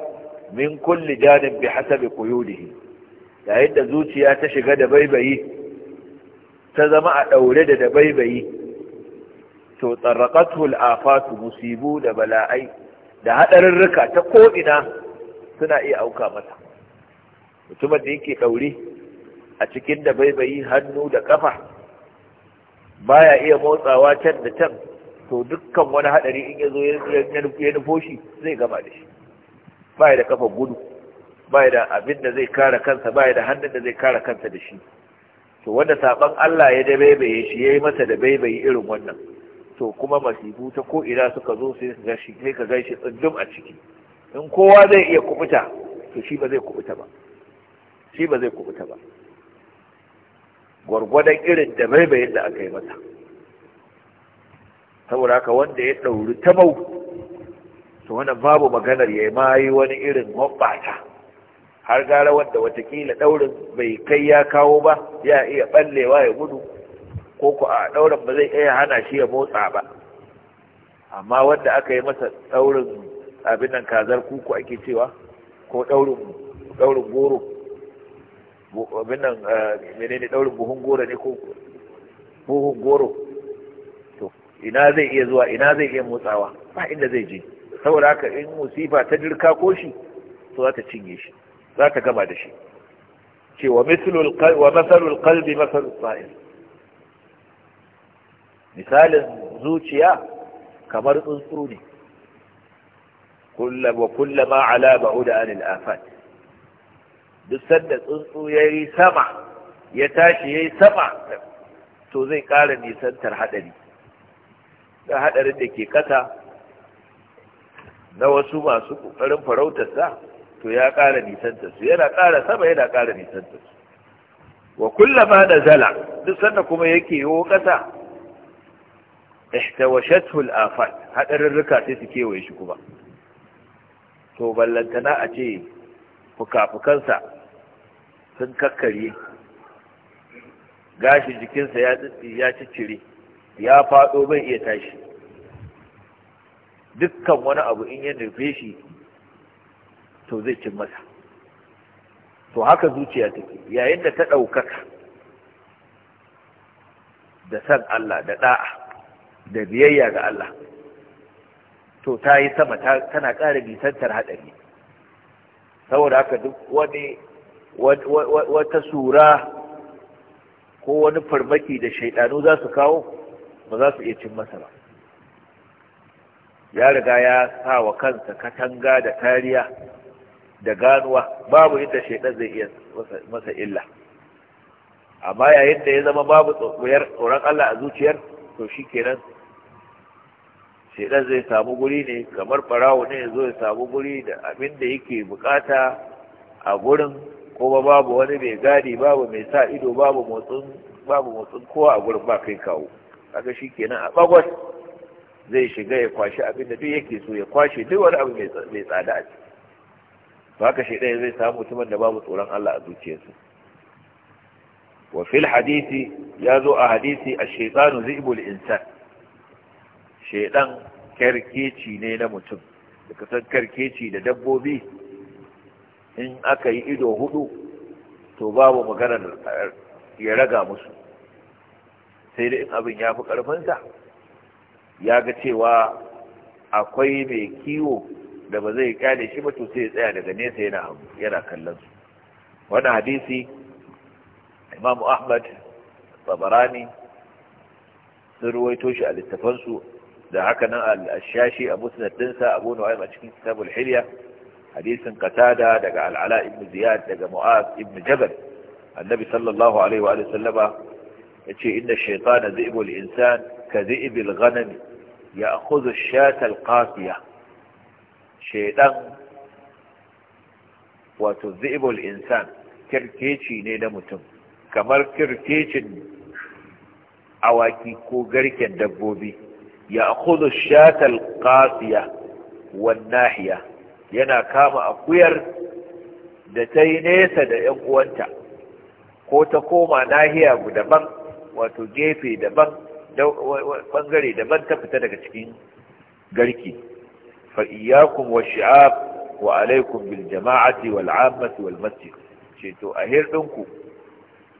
min kulli janib bihasabi quyudihi yayin da zuciya ta shiga da baibayi ta zama a daure da baibayi to sarqathu alafat musibu da bala'ai da hadarurruka ta ko ina suna iya auka mata mutumin da yake daure a cikin da baibayi hannu da kafa baya iya motsawa can da can to dukkan wani hadari in ya zo ya nufo shi zai gama da shi baya da kafa gudu baya da abin da zai kare kansa baya da hannun da zai kare kansa da shi to wanda saban Allah ya da bai shi yayi masa da bai irin wannan to kuma masifu ta ko ina suka zo sai ka shi sai ka gaishe tsundum a ciki in kowa zai iya kubuta to shi ba zai kubuta ba shi ba zai kubuta ba gwargwadon irin da maimayin da aka yi masa saboda haka wanda ya ɗauri ta mau to wannan babu maganar ya ma yi wani irin mabata har gara wanda watakila ɗaurin bai kai ya kawo ba ya iya ɓallewa ya gudu ko ku a ɗaurin ba zai iya hana shi ya motsa ba amma wanda aka yi masa ɗaurin abin nan kazar kuku ake cewa ko ɗaurin goro abin nan eh, menene daurin buhun goro ne ko buhun goro to ina zai iya zuwa ina zai iya motsawa ba inda zai je saboda haka in musifa ta dirka ko shi to za ta cinye shi za ta gama da shi ce wa mislul wa masalul qalbi masalul sa'il misalin zuciya kamar tsuntsu ne kullu ma ala ba'uda anil afat duk sanda tsuntsu ya yi sama ya tashi ya yi sama to zai ƙara nisantar haɗari da haɗarin da ke kasa na wasu masu ƙoƙarin farautarsa to ya ƙara nisantarsu yana ƙara sama yana ƙara nisantarsu wa kullama da zala duk sanda kuma yake yi kasa ƙasa washatul afat haɗarurruka sai su kewaye shi kuma to ballantana a ce Mukafukansa sun kakkarye Gashi jikinsa ya ciccire ya faɗo bai iya tashi dukkan wani abu in ya nufe shi to zai cin masa to haka zuciya take yayin da ta ɗaukaka da san Allah da ɗa'a da biyayya ga Allah to ta yi sama tana ƙara bisantar haɗari saboda haka duk wani wata sura ko wani farmaki da shaidanu za su kawo ba za su iya cin masa ba ya riga ya sa wa kansa katanga da kariya da ganuwa babu inda shaidan zai iya masa illa amma yayin da ya zama babu tsoron Allah a zuciyar to shi kenan shedan zai samu guri ne kamar barawo ne zo ya samu guri da abin da yake bukata a gurin kuma babu wani mai gadi babu mai sa ido babu motsin babu motsin kowa a gurin ba kai kawo kaga shikenan a bagwas zai shiga ya kwashi abin da duk yake so ya kwashe duk wani abu mai tsada a ciki to haka shedan zai samu mutumin da babu tsoron Allah a zuciyarsa wa fil hadisi ya zo a hadisi ash-shaytanu zibul insan shedan karkeci ne na mutum da kasar karkeci da dabbobi in aka yi ido hudu to babu maganar eh, ya raga musu sai da in abin ya fi ƙarfinsa ya ga cewa akwai mai kiwo da ba zai kyale shi ba to sai tsaya daga nesa yana yana kallon su Wani hadisi Imam Ahmad Babarani sun ruwaito shi a littafansu da haka nan al-shashi a musnad abu nu'aym a cikin kitabul hilya hadisin qatada daga al-ala ibn ziyad daga mu'az ibn jabal annabi sallallahu alaihi wa sallama yace inna shaytana dhi'bul insan ka dhi'bil ghanam ya'khudhu ash-shata al-qasiya shaytan wato dhi'bul insan kirkeci ne na mutum kamar kirkecin awaki ko garken dabbobi يأخذ shatal القاسية nahiya yana kama akuyar da ta nesa da ‘yan uwanta ko ta koma nahiya daban wato gefe daban bangare daban ta fita daga cikin garki fa'iyyakun wa shi’ab wa alaikun bil jama'ati wal ammati wal masjid ce to a hirɗinku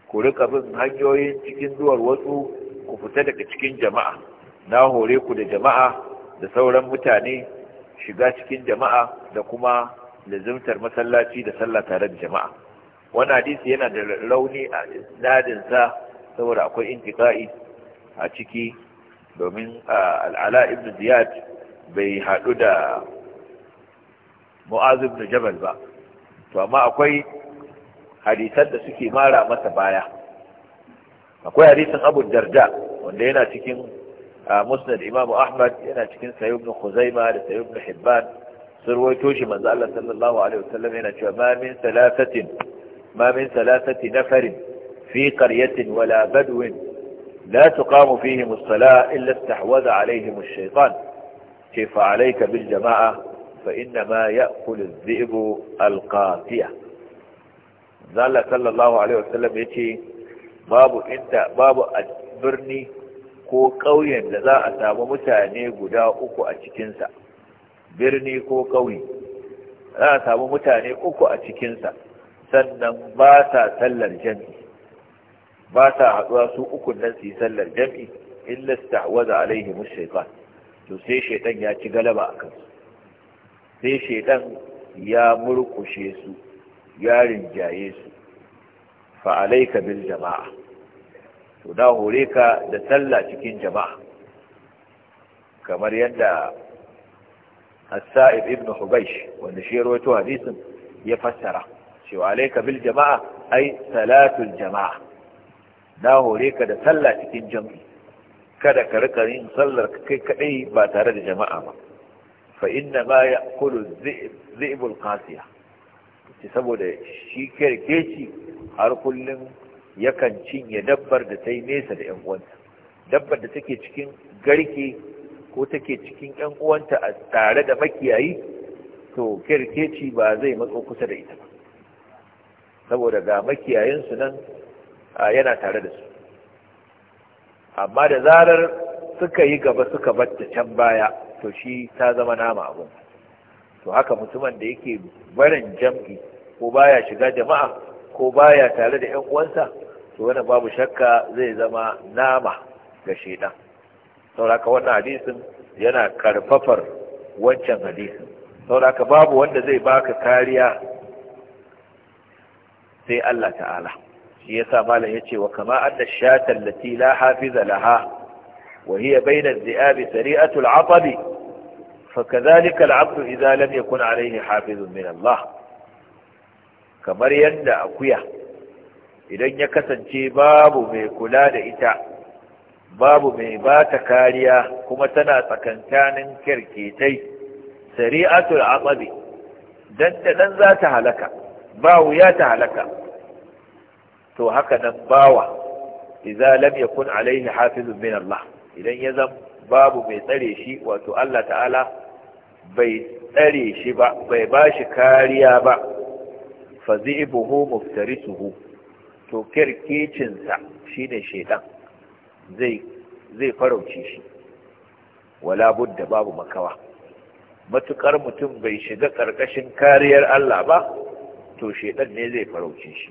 ku rika bin hanyoyin cikin zuwar wasu ku fita daga cikin jama'a na hore ku da jama'a da sauran mutane shiga cikin jama'a da kuma lazimtar masallaci da sallah tare da jama'a wannan hadisi yana da rauni a sa saboda akwai intiqa'i a ciki domin al'ala ibn ziyad bai haɗu da mu'az ibn jabal ba to amma akwai hadisan da suke mara masa baya akwai hadisin abu darda wanda yana cikin آه، مسند امام احمد ان اتكن سيوبن خزيمة لسيوبن حبان سرويتوش من ذا صلى الله عليه وسلم ان ما من ثلاثة ما من ثلاثة نفر في قرية ولا بدو لا تقام فيهم الصلاة الا استحوذ عليهم الشيطان كيف عليك بالجماعة فانما يأكل الذئب القاتية ذا صلى الله عليه وسلم يتي باب انت باب اتبرني ko ƙauyen da za a samu mutane guda uku a cikinsa birni ko ƙauye za a samu mutane uku a cikinsa sannan ba sa sallar jam'i ba sa haɗuwa su ukun nan su yi sallar jam'i illa sta'waza alaihi mushaitan to sai shaidan ya ci galaba a kansu sai shaidan ya murkushe su ya rinjaye su fa bil jama'a to na hore ka da sallah cikin jama'a kamar yadda as-sa'ib ibn Hubaish, wanda shi rawaito hadisin ya fassara cewa alayka bil jama'a ai salatul jama'a na hore ka da sallah cikin jam'i. kada ka rika yin sallar kai kadai ba tare da jama'a ba fa inna ma ya'kulu dhi'bul qasiya saboda shi kirkeci har kullum yakan cinye dabbar da ta yi nesa da 'yan dabbar da take cikin garke ko take cikin 'yan uwanta a tare da makiyayi to kirkeci ba zai matso kusa da ita ba saboda ga makiyayinsu nan yana tare da su amma da zarar suka yi gaba suka batta can baya to shi ta zama nama abin to haka mutumin da yake barin jam'i ko baya shiga jama'a ko baya tare da 'yan uwansa to babu shakka zai zama nama ga shedan sauraka wannan hadisin yana karfafar wancan hadisin sauraka babu wanda zai baka kariya sai Allah ta'ala shi yasa malam ce wa kama anna shata allati la hafiza laha wa hiya bayna adh-dhi'ab sari'atu al-'atab lam yakun alayhi hafizun min Allah kamar yadda akuya idan ya kasance babu mai kula da ita babu mai ba ta kariya kuma tana tsakantanin kirketai sari'atul aqabi dan da dan za ta halaka ba wuya ta halaka to haka nan bawa idza lam yakun alaihi hafizun min Allah idan ya zam babu mai tsare shi wato Allah ta'ala bai tsare shi ba bai bashi kariya ba fazibuhu muftarisuhu to kirkicinsa shi ne shaidan zai farauce shi wala budda babu makawa matukar mutum bai shiga ƙarƙashin kariyar Allah ba to shaidan ne zai farauce shi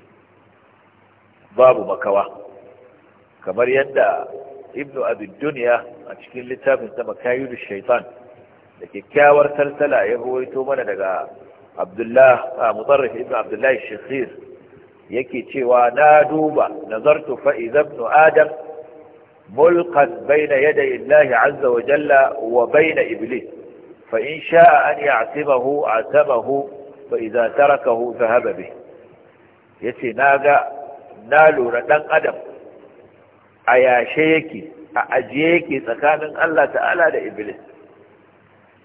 babu makawa kamar yadda ibnu abin duniya a cikin littafin sama kayu da shaitan da kyakkyawar taltala ya ruwaito mana daga abdullahi a mutarrif ibn abdullah shakhir yake cewa na duba nazartu fa ibn adam mulqan baina yada Allah azza wa jalla wa bayna iblis fa in sha'a an ya'tibahu atabahu fa idza tarakahu dhahaba bih Ya ce na lura ɗan adam a yashe yake a ajiye yake tsakanin Allah ta'ala da iblis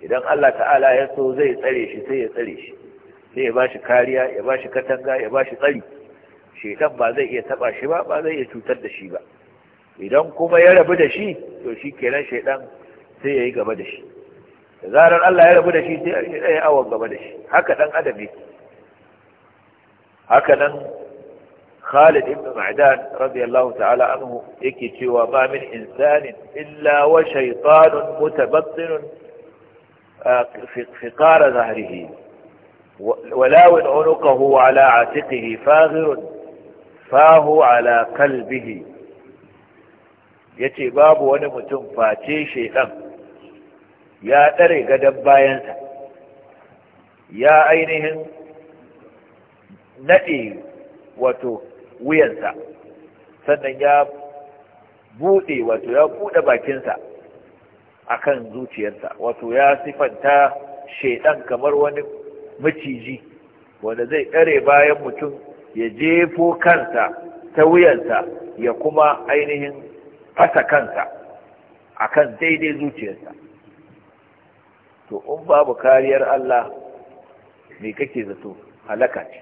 idan Allah ta'ala ya so zai tsare shi sai ya tsare shi sai ya bashi kariya ya bashi katanga ya bashi tsari shekan ba zai iya taba shi ba ba zai iya cutar da shi ba idan kuma ya rabu da shi to shi kenan shedan sai ya yi gaba da shi da zarar Allah ya rabu da shi sai shi ya yi awon gaba da shi haka dan adam yake haka nan Khalid ibn Ma'dan radiyallahu ta'ala anhu yake cewa ba min insanin illa wa shaytanun mutabattinun fi qara zahrihi ولاو عنقه على عاتقه فاغر fahu ala kalbihi ya babu wani mutum face shaidan ya tsare gadon bayansa ya ainihin naɗe wato wuyansa sannan ya buɗe wato ya buɗe bakinsa akan zuciyarsa wato ya sifanta shaidan kamar wani maciji wanda zai tsare bayan mutum ya jefo kansa ta wuyansa ya kuma ainihin fasa kansa akan daidai zuciyarsa to in babu kariyar Allah me kake zato halaka ce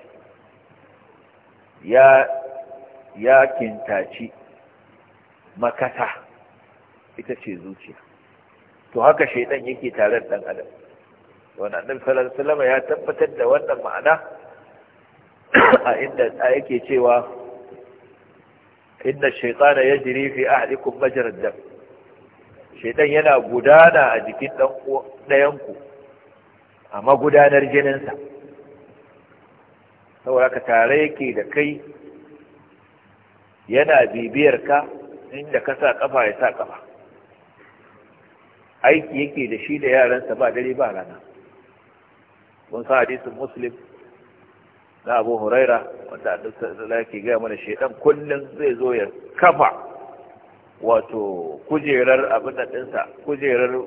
ya ya kintaci makasa ita ce zuciya to haka shaidan yake tare da ɗan adam wannan annabi sallallahu ya tabbatar da wannan ma'ana a inda yake cewa shaitana ya jiri fi ahlikum majalar da shaitan yana gudana a jikin ɗayanku a magudanar jininsa saboda ka tare yake da kai yana bibiyar ka inda ka sa kafa ya sa kafa aiki yake da shi da yaransa ba dare ba rana kun sa hadisin muslim na abu huraira wanda a ke gaya mana shaidan kullum zai zo ya kafa wato kujerar abin da ɗinsa kujerar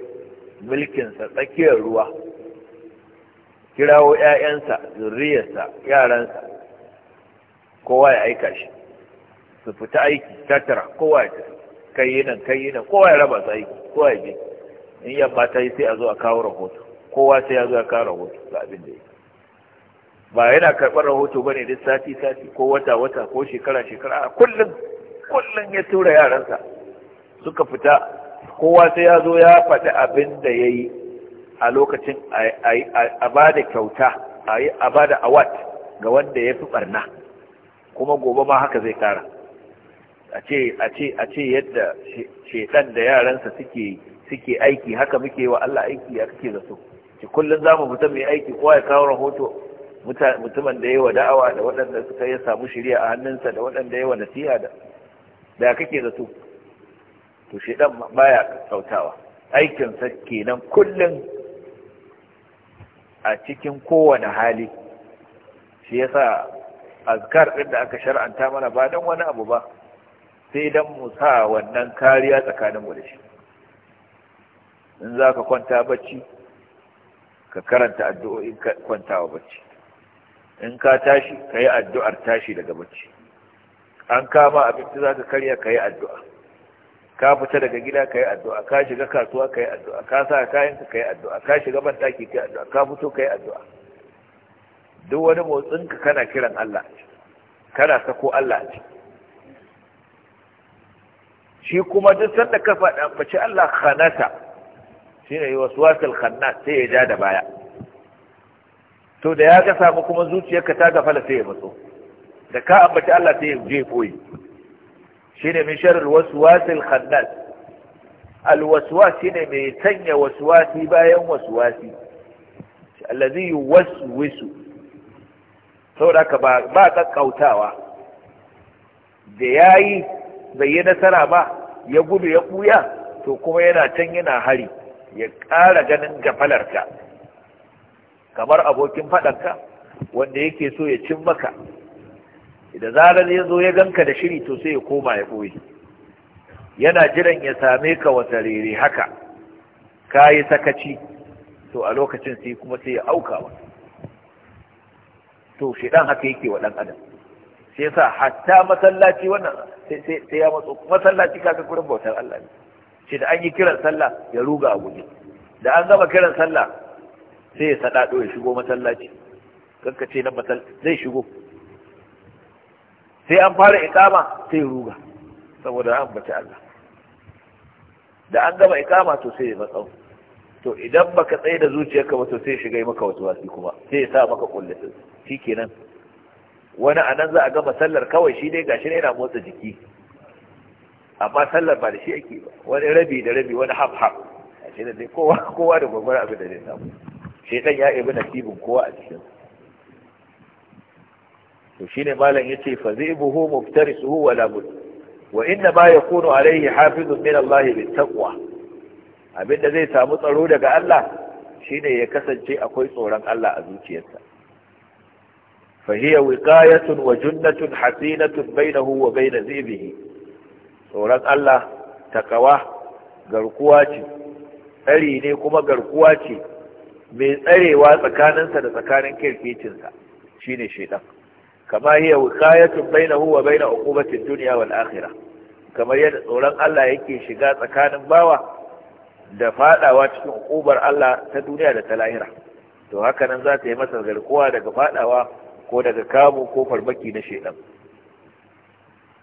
mulkinsa tsakiyar ruwa kirawo 'ya'yansa zurriyarsa yaransa kowa ya aika shi su fita aiki tattara kowa ya kai yi nan kai yi nan kowa ya raba su aiki kowa ya je in yamma ta yi sai a zo a kawo rahoto kowa sai ya zo ya kawo rahoto ga abin da yake ba yana karɓar rahoto ba ne duk sati sati ko wata wata ko shekara shekara kullum kullum ya tura yaransa suka fita kowa sai ya zo ya faɗi abin da ya yi a lokacin a ba da kyauta a ba da awat ga wanda ya fi ɓarna kuma gobe ma haka zai kara a ce yadda shekan da yaransa suke aiki haka muke wa Allah aiki ya kake zato ki za mu fita mu aiki kowa ya kawo rahoto mutumin da ya wa da'awa da waɗanda suka ya samu shirya a hannunsa da waɗanda ya wa nasiha da da kake zato to shedan baya sautawa aikinsa kenan kullum a cikin kowane hali shi yasa azkar ɗin da aka shar'anta mana ba don wani abu ba sai don mu sa wannan kariya tsakaninmu da shi in za ka kwanta bacci ka karanta addu'o'in kwantawa bacci in ka tashi ka yi addu'ar tashi daga bacci an kama abinci za ka karya ka yi addu'a ka fita daga gida ka yi addu'a ka shiga kasuwa ka yi addu'a ka sa kayanka ka yi addu'a ka shiga bantaki ka yi addu'a ka fito ka yi addu'a duk wani motsinka kana kiran Allah kana sako Allah shi kuma duk sanda ka faɗa bace Allah khanata shine yi wasu wasu khanna sai ya ja da baya to da ya ga samu kuma zuciyarka ta gafala sai ya matso da ka ambaci Allah sai ya je koyi Shi ne min sharril waswasil khannas shi ne mai sanya waswasi bayan waswasi allazi yuwaswisu saboda ka ba ba kakkautawa da yayi bai yi nasara ba ya gudu ya buya to kuma yana can yana hari ya ƙara ganin gafalarka kamar abokin faɗanka wanda yake so ya cin maka da zarar ya zo ya ganka da shiri to sai ya koma ya ɓoye yana jiran ya same ka wata rere haka ka yi sakaci to a lokacin sai kuma sai ya auka wa to dan haka yake wa ɗan adam sai yasa hatta masallaci wannan sai ya matso masallaci kaga gurin bautar Allah ne shi da an yi kiran sallah ya ruga a guje da an gama kiran sallah sai ya sadado ya shigo masallaci ƙarƙace ce na masal zai shigo sai an fara ikama sai ruga saboda an bace Allah da an gama ikama to sai ya matsau to idan baka tsaye da zuciyarka ba to sai shiga maka wasu wasi kuma sai ya sa maka kullatin shikenan wani anan za a gama sallar kawai shi ne gashi ne yana motsa jiki amma sallar ba da shi ake ba wani rabi da rabi wani haf haf a shi ne kowa da gwagwar abin da zai samu shaidan ya ibi nasibin kowa a cikin to shine malam yace fa zibuhu su wala bud wa inna ma yakunu alaihi hafizun min Allah bit taqwa abinda zai samu tsaro daga Allah shine ya kasance akwai tsoron Allah a zuciyarsa fa hiya wa junnatun hasinatun bainahu wa zai bihi. tsoron Allah takawa garkuwa ce tsari ne kuma garkuwa ce mai tsarewa tsakaninsa da tsakanin kirkicinsa shine shaidan kama bai na huwa bai na uqubati duniya wa al'akira kamar yadda tsoron Allah yake shiga tsakanin bawa da fadawa cikin hukumar Allah ta duniya da ta lahira to haka nan za ta yi masa garkuwa daga fadawa ko daga kamu ko farmaki na shaidan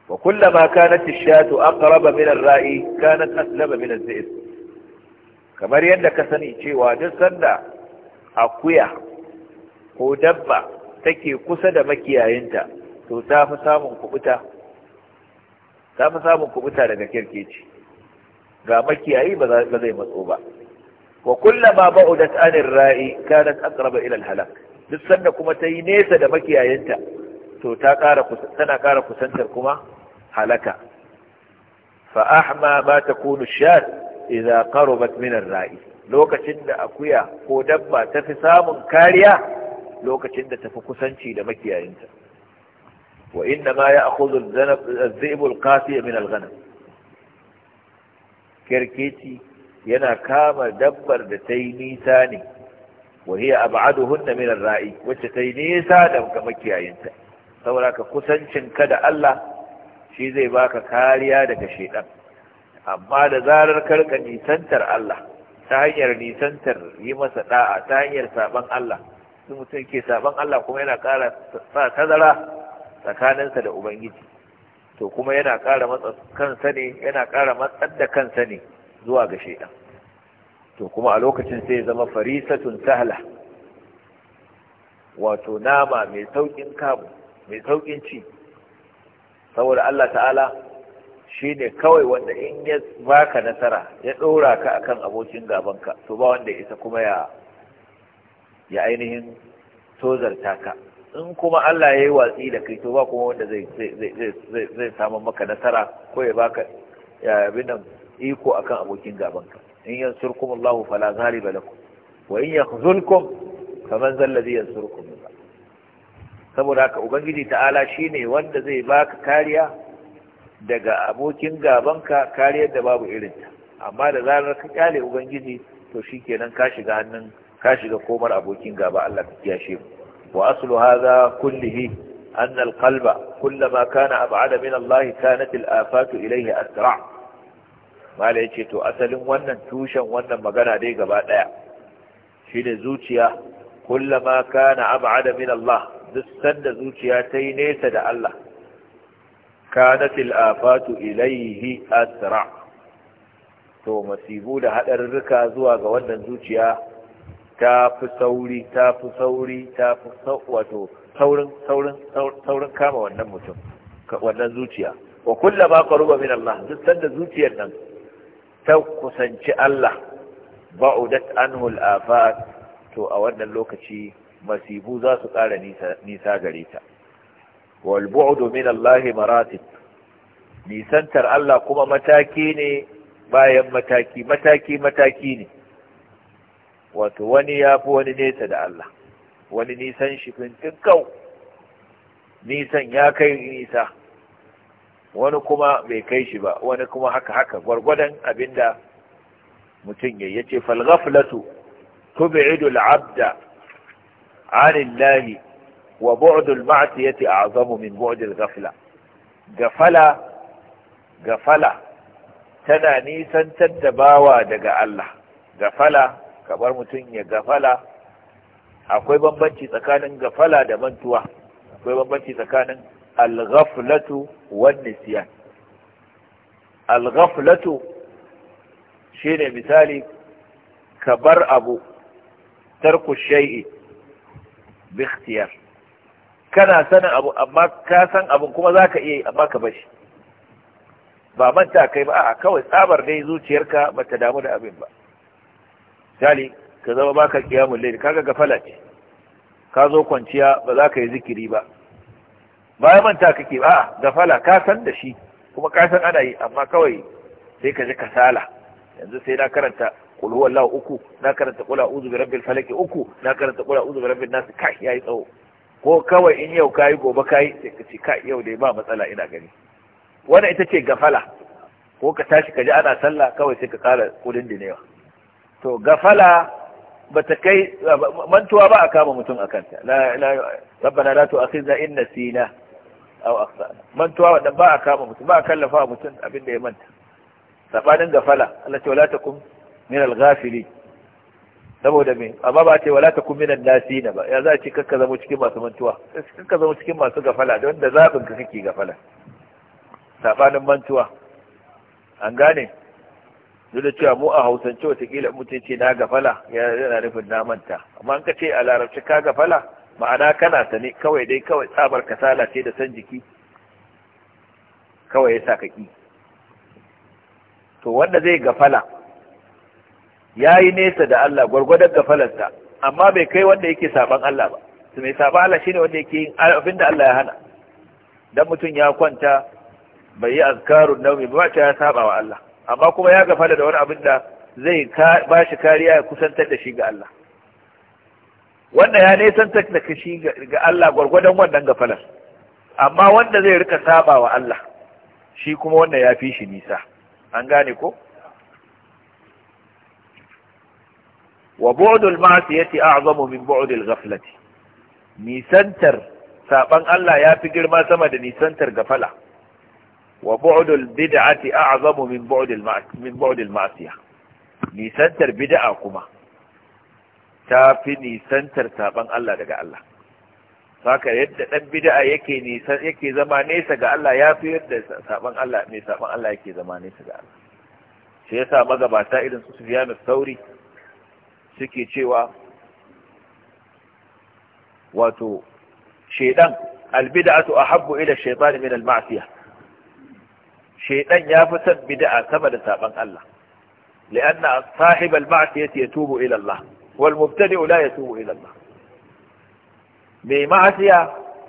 wa kulla ma kana tishatu aqraba min ar-ra'i kanat aslaba min az-zi'b kamar yadda ka sani cewa duk sanda akuya ko dabba take kusa da makiyayinta to ta fi samun kubuta ta fi samun kubuta daga kirkeci ga makiyayi ba zai matso ba wa kullama ba'udat anir ra'i kanat aqrab ila al-halak duk sanda kuma ta yi nesa da makiyayinta to ta kara tana kara kusantar kuma halaka fa ahma ma takunu shat idza qarabat min ar-ra'i lokacin da akuya ko dabba ta fi samun kariya lokacin da ta fi kusanci da makiyayinta wa inda ma ya akuzu zibul kafiya min alghanam kerkeci yana kama dabbar da ta yi nisa ne wa hiya hunna min ar-ra'i wacce ta yi nisa da makiyayinta saboda ka kusancin ka da Allah shi zai baka kariya daga shedan amma da zarar karka nisantar Allah ta hanyar nisantar yi masa da'a ta hanyar saban Allah su mutum ke saban Allah kuma yana ƙara sa tazara tsakaninsa da ubangiji to kuma yana ƙara matsa kansa ne yana kara matsar da kansa ne zuwa ga shaidan to kuma a lokacin sai zama farisatun sahla wato nama mai saukin kamu mai saukin ci saboda Allah ta'ala shi ne kawai wanda in ya baka nasara ya ɗora ka akan abokin gabanka to ba wanda isa kuma ya ya ainihin tozarta ka in kuma Allah ya yi watsi da kai to ba kuma wanda zai zai samu maka nasara ko ya baka ya abin nan iko akan abokin gabanka in yansurkum Allahu fala bala lakum wa in yakhzulkum faman zal ladhi yansurkum saboda haka ubangiji ta'ala shine wanda zai baka kariya daga abokin gabanka kariyar da babu irin irinta amma da zarar ka kyale ubangiji to shikenan ka shiga hannun ka shiga komar abokin gaba Allah ka kiyashe mu wa aslu hadha kullihi anna alqalba kullama kana ab'ada min Allah kanat alafatu ilayhi asra mala yace to asalin wannan tushen wannan magana dai gaba daya shine zuciya kullama kana ab'ada min Allah duk sanda zuciya ta yi nesa da Allah kanat al-afatu ilayhi asra to masibu da hadarruka zuwa ga wannan zuciya ta fi sauri ta fi sauri ta fi wato saurin saurin saurin kama wannan mutum wannan zuciya wa ka ruba min Allah duk sanda zuciyar nan ta kusanci Allah ba'udat anhu al-afat to a wannan lokaci masibu za su ƙara nisa gare ta wal bu'du min Allah nisantar Allah kuma mataki ne bayan mataki mataki mataki ne wato wani ya fi wani nesa da Allah wani nisan shi fintin kau nisan ya kai nisa wani kuma bai kai shi ba wani kuma haka haka abin da. mutum ya yace falghaflatu tub'idu al-'abda 'an wa bu'dul ma'siyati a'zamu min bu'dil ghafla gafala tana nisantar da bawa daga Allah gafala kamar mutum ya gafala akwai bambanci tsakanin gafala da mantuwa akwai bambanci tsakanin algaflatu ghaflatu wan nisyan shine misali kabar abu tarku shay'i bi kana sanin abu amma ka san abu kuma za ka iya yi amma ka bashi ba manta kai ba a kawai tsabar dai zuciyarka ba ta damu da abin ba misali ka zama ba ka kiyamun ka kaga gafala ce ka zo kwanciya ba za ka yi zikiri ba ya manta kake ba gafala ka san da shi kuma ka san ana yi amma kawai sai ka ji kasala yanzu sai na karanta qul huwallahu uku na karanta uzu a'udhu birabbil falaki uku na karanta uzu a'udhu birabbin nas kai yayi tsawo ko kawai in yau kayi gobe kayi sai ka ce kai yau dai ba matsala ina gani wannan ita ce gafala ko ka tashi ka ji ana sallah kawai sai ka kara kudin dinewa to gafala bata kai mantuwa ba a kama mutum a kanta la la rabbana la tu'akhidna in nasina aw akhtana mantuwa wanda ba a kama mutum ba a kallafa mutum abin da ya manta sabanin gafala Allah ta wala kum min al-ghafilin saboda me amma ba ce wala takun minan nasina ba ya za a ce kakka zama cikin masu mantuwa kakka zama cikin masu gafala don da zabin ka kake gafala sabanin mantuwa an gane duk cewa mu a hausance watakila mutum ce na gafala yana nufin na manta amma an ka ce a larabci ka gafala ma'ana kana sane kawai dai kawai tsabar kasala ce da san jiki kawai ya sa ka ki to wanda zai gafala Ya yi nesa da Allah gwargwadon gafalarsa amma bai kai wanda yake saban Allah ba Su mai saɓa Allah shi ne wanda yake yin abin da Allah ya hana Don mutum ya kwanta bai yi azkarun naumi ba ce ya saba wa Allah amma kuma ya gafala da wani abin da zai ba shi kariya ya kusantar da shi ga Allah wanda ya nesa da shi ga Allah gwargwadon wannan gafalar amma wanda zai rika saba wa Allah shi kuma wanda ya fi shi nisa an gane ko wa bu'dul ma'siyati a'zamu min bu'dil ghaflati nisantar saban Allah ya fi girma sama da nisantar gafala wa bu'dul bid'ati a'zamu min bu'dil min bu'dil ma'siya nisantar bid'a kuma ta fi nisantar saban Allah daga Allah saka yadda dan bid'a yake nisan yake zama nesa ga Allah ya fi yadda saban Allah ne saban Allah yake zama nesa ga Allah shi yasa magabata irin su Sufyan al-Thauri suke cewa wato shaidan a habbu ila shaytan min al-ma'siyah shaidan ya fi son bid'a sama da saban Allah li'anna sahib al-ma'siyati yatubu ila Allah wal mubtadi'u la yatubu ila Allah Me ma'asiya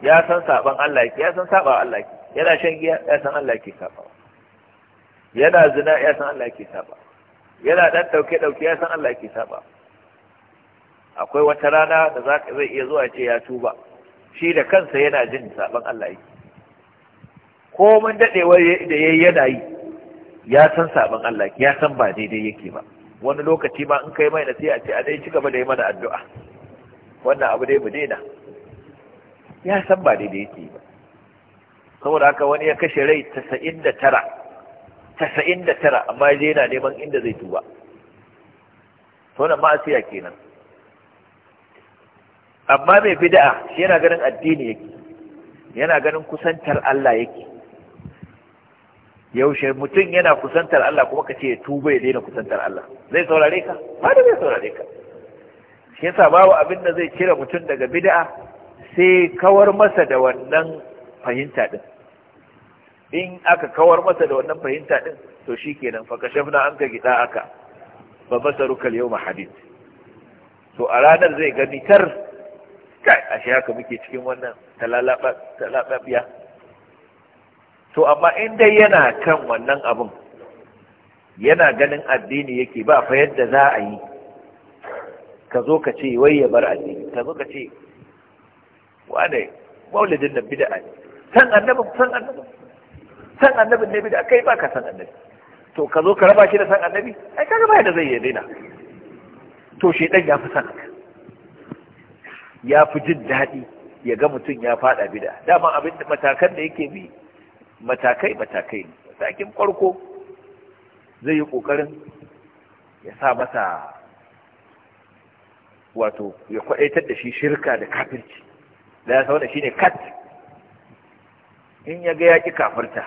ya san saban Allah yake ya san saba Allah yake yana shan giya ya san Allah yake saba yana zina ya san Allah yake saba yana dan dauke dauke ya san Allah yake saba akwai wata rana da za ka zai iya zuwa ce ya tuba shi da kansa yana jin saban Allah yi ko mun dadewar da yayi yana yi ya san saban Allah ya san ba daidai yake ba wani lokaci ma in kai mai a ce a dai ci gaba da yi mana addu'a wannan abu dai mu daina ya san ba daidai yake ba saboda haka wani ya kashe rai 99 99 amma yana neman inda zai tuba to na ma'asiya kenan amma mai bida'a shi yana ganin addini yake yana ganin kusantar Allah yake yaushe mutum yana kusantar Allah kuma ka ce ya tuba ya daina kusantar Allah zai saurare ka ba da zai saurare ka shi yasa babu abin da zai cire mutum daga bid'a sai kawar masa da wannan fahimta din in aka kawar masa da wannan fahimta din to shikenan fa ka an ka gida aka fa basaruka yau yawma to a ranar zai gani tar kai ashe haka muke cikin wannan talalabiya to amma in dai yana kan wannan abun, yana ganin addini yake ba fa yadda za a yi ka zo ka ce wai ya bar addini ka zo ka ce wane maulidin na bid'a ne san annabin san annabin san annabin ne bid'a kai ba ka san annabi to ka zo ka raba shi da san annabi ai kaga ba yadda zai yi daina to dan ya fi san haka ya fi jin daɗi ya ga mutum ya faɗa bida dama abin matakan da yake bi matakai matakai ne matakin farko zai yi ƙoƙarin ya sa masa wato ya kwaɗaitar da shi shirka da kafirci da ya sauna shi ne kat in ya ga yaƙi kafirta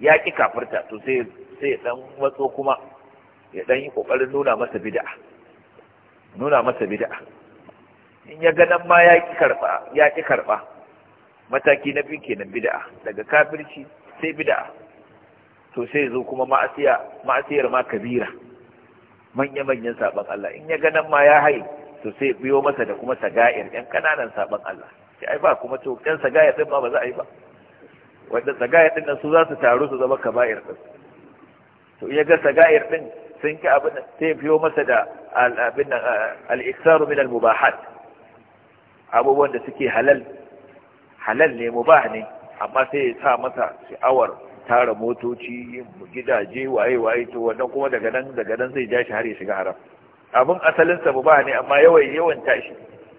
yaƙi kafirta to sai ya ɗan matso kuma ya ɗan yi ƙoƙarin nuna masa bida, nuna masa bida. in ya ganan ma ya ƙi karɓa ya mataki na biyu kenan bid'a daga kafirci sai bid'a to sai zo kuma ma'asiya ma'asiyar ma kabira manya manyan sabon Allah in ya ganan ma ya haye to sai biyo masa da kuma sagayar ɗan ƙananan sabon Allah sai ai ba kuma to ɗan sagayar ɗin ma ba za a yi ba wanda sagayar ɗin nan su za su taru su zama kaba'ir ɗin to in ya ga sagayar ɗin sun ki abin sai biyo masa da abin nan al-iksaru min al-mubahat abubuwan da suke halal halal ne mubah ne amma sai ya sa masa sha'awar tara motoci gidaje waye waye to wannan kuma daga nan daga nan zai ja shi har ya shiga haram abin asalin sa mubah ne amma yawan yawan tashi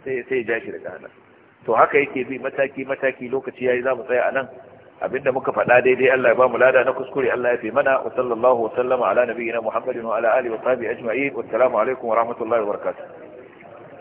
sai sai ja shi daga haram to haka yake bi mataki mataki lokaci yayi zamu tsaya a nan abinda muka faɗa daidai Allah ya ba mu lada na kuskure Allah ya fi mana wa sallallahu wa sallama ala nabiyyina Muhammadin wa ala alihi wa sahbihi ajma'in wa assalamu alaikum wa rahmatullahi wa barakatuh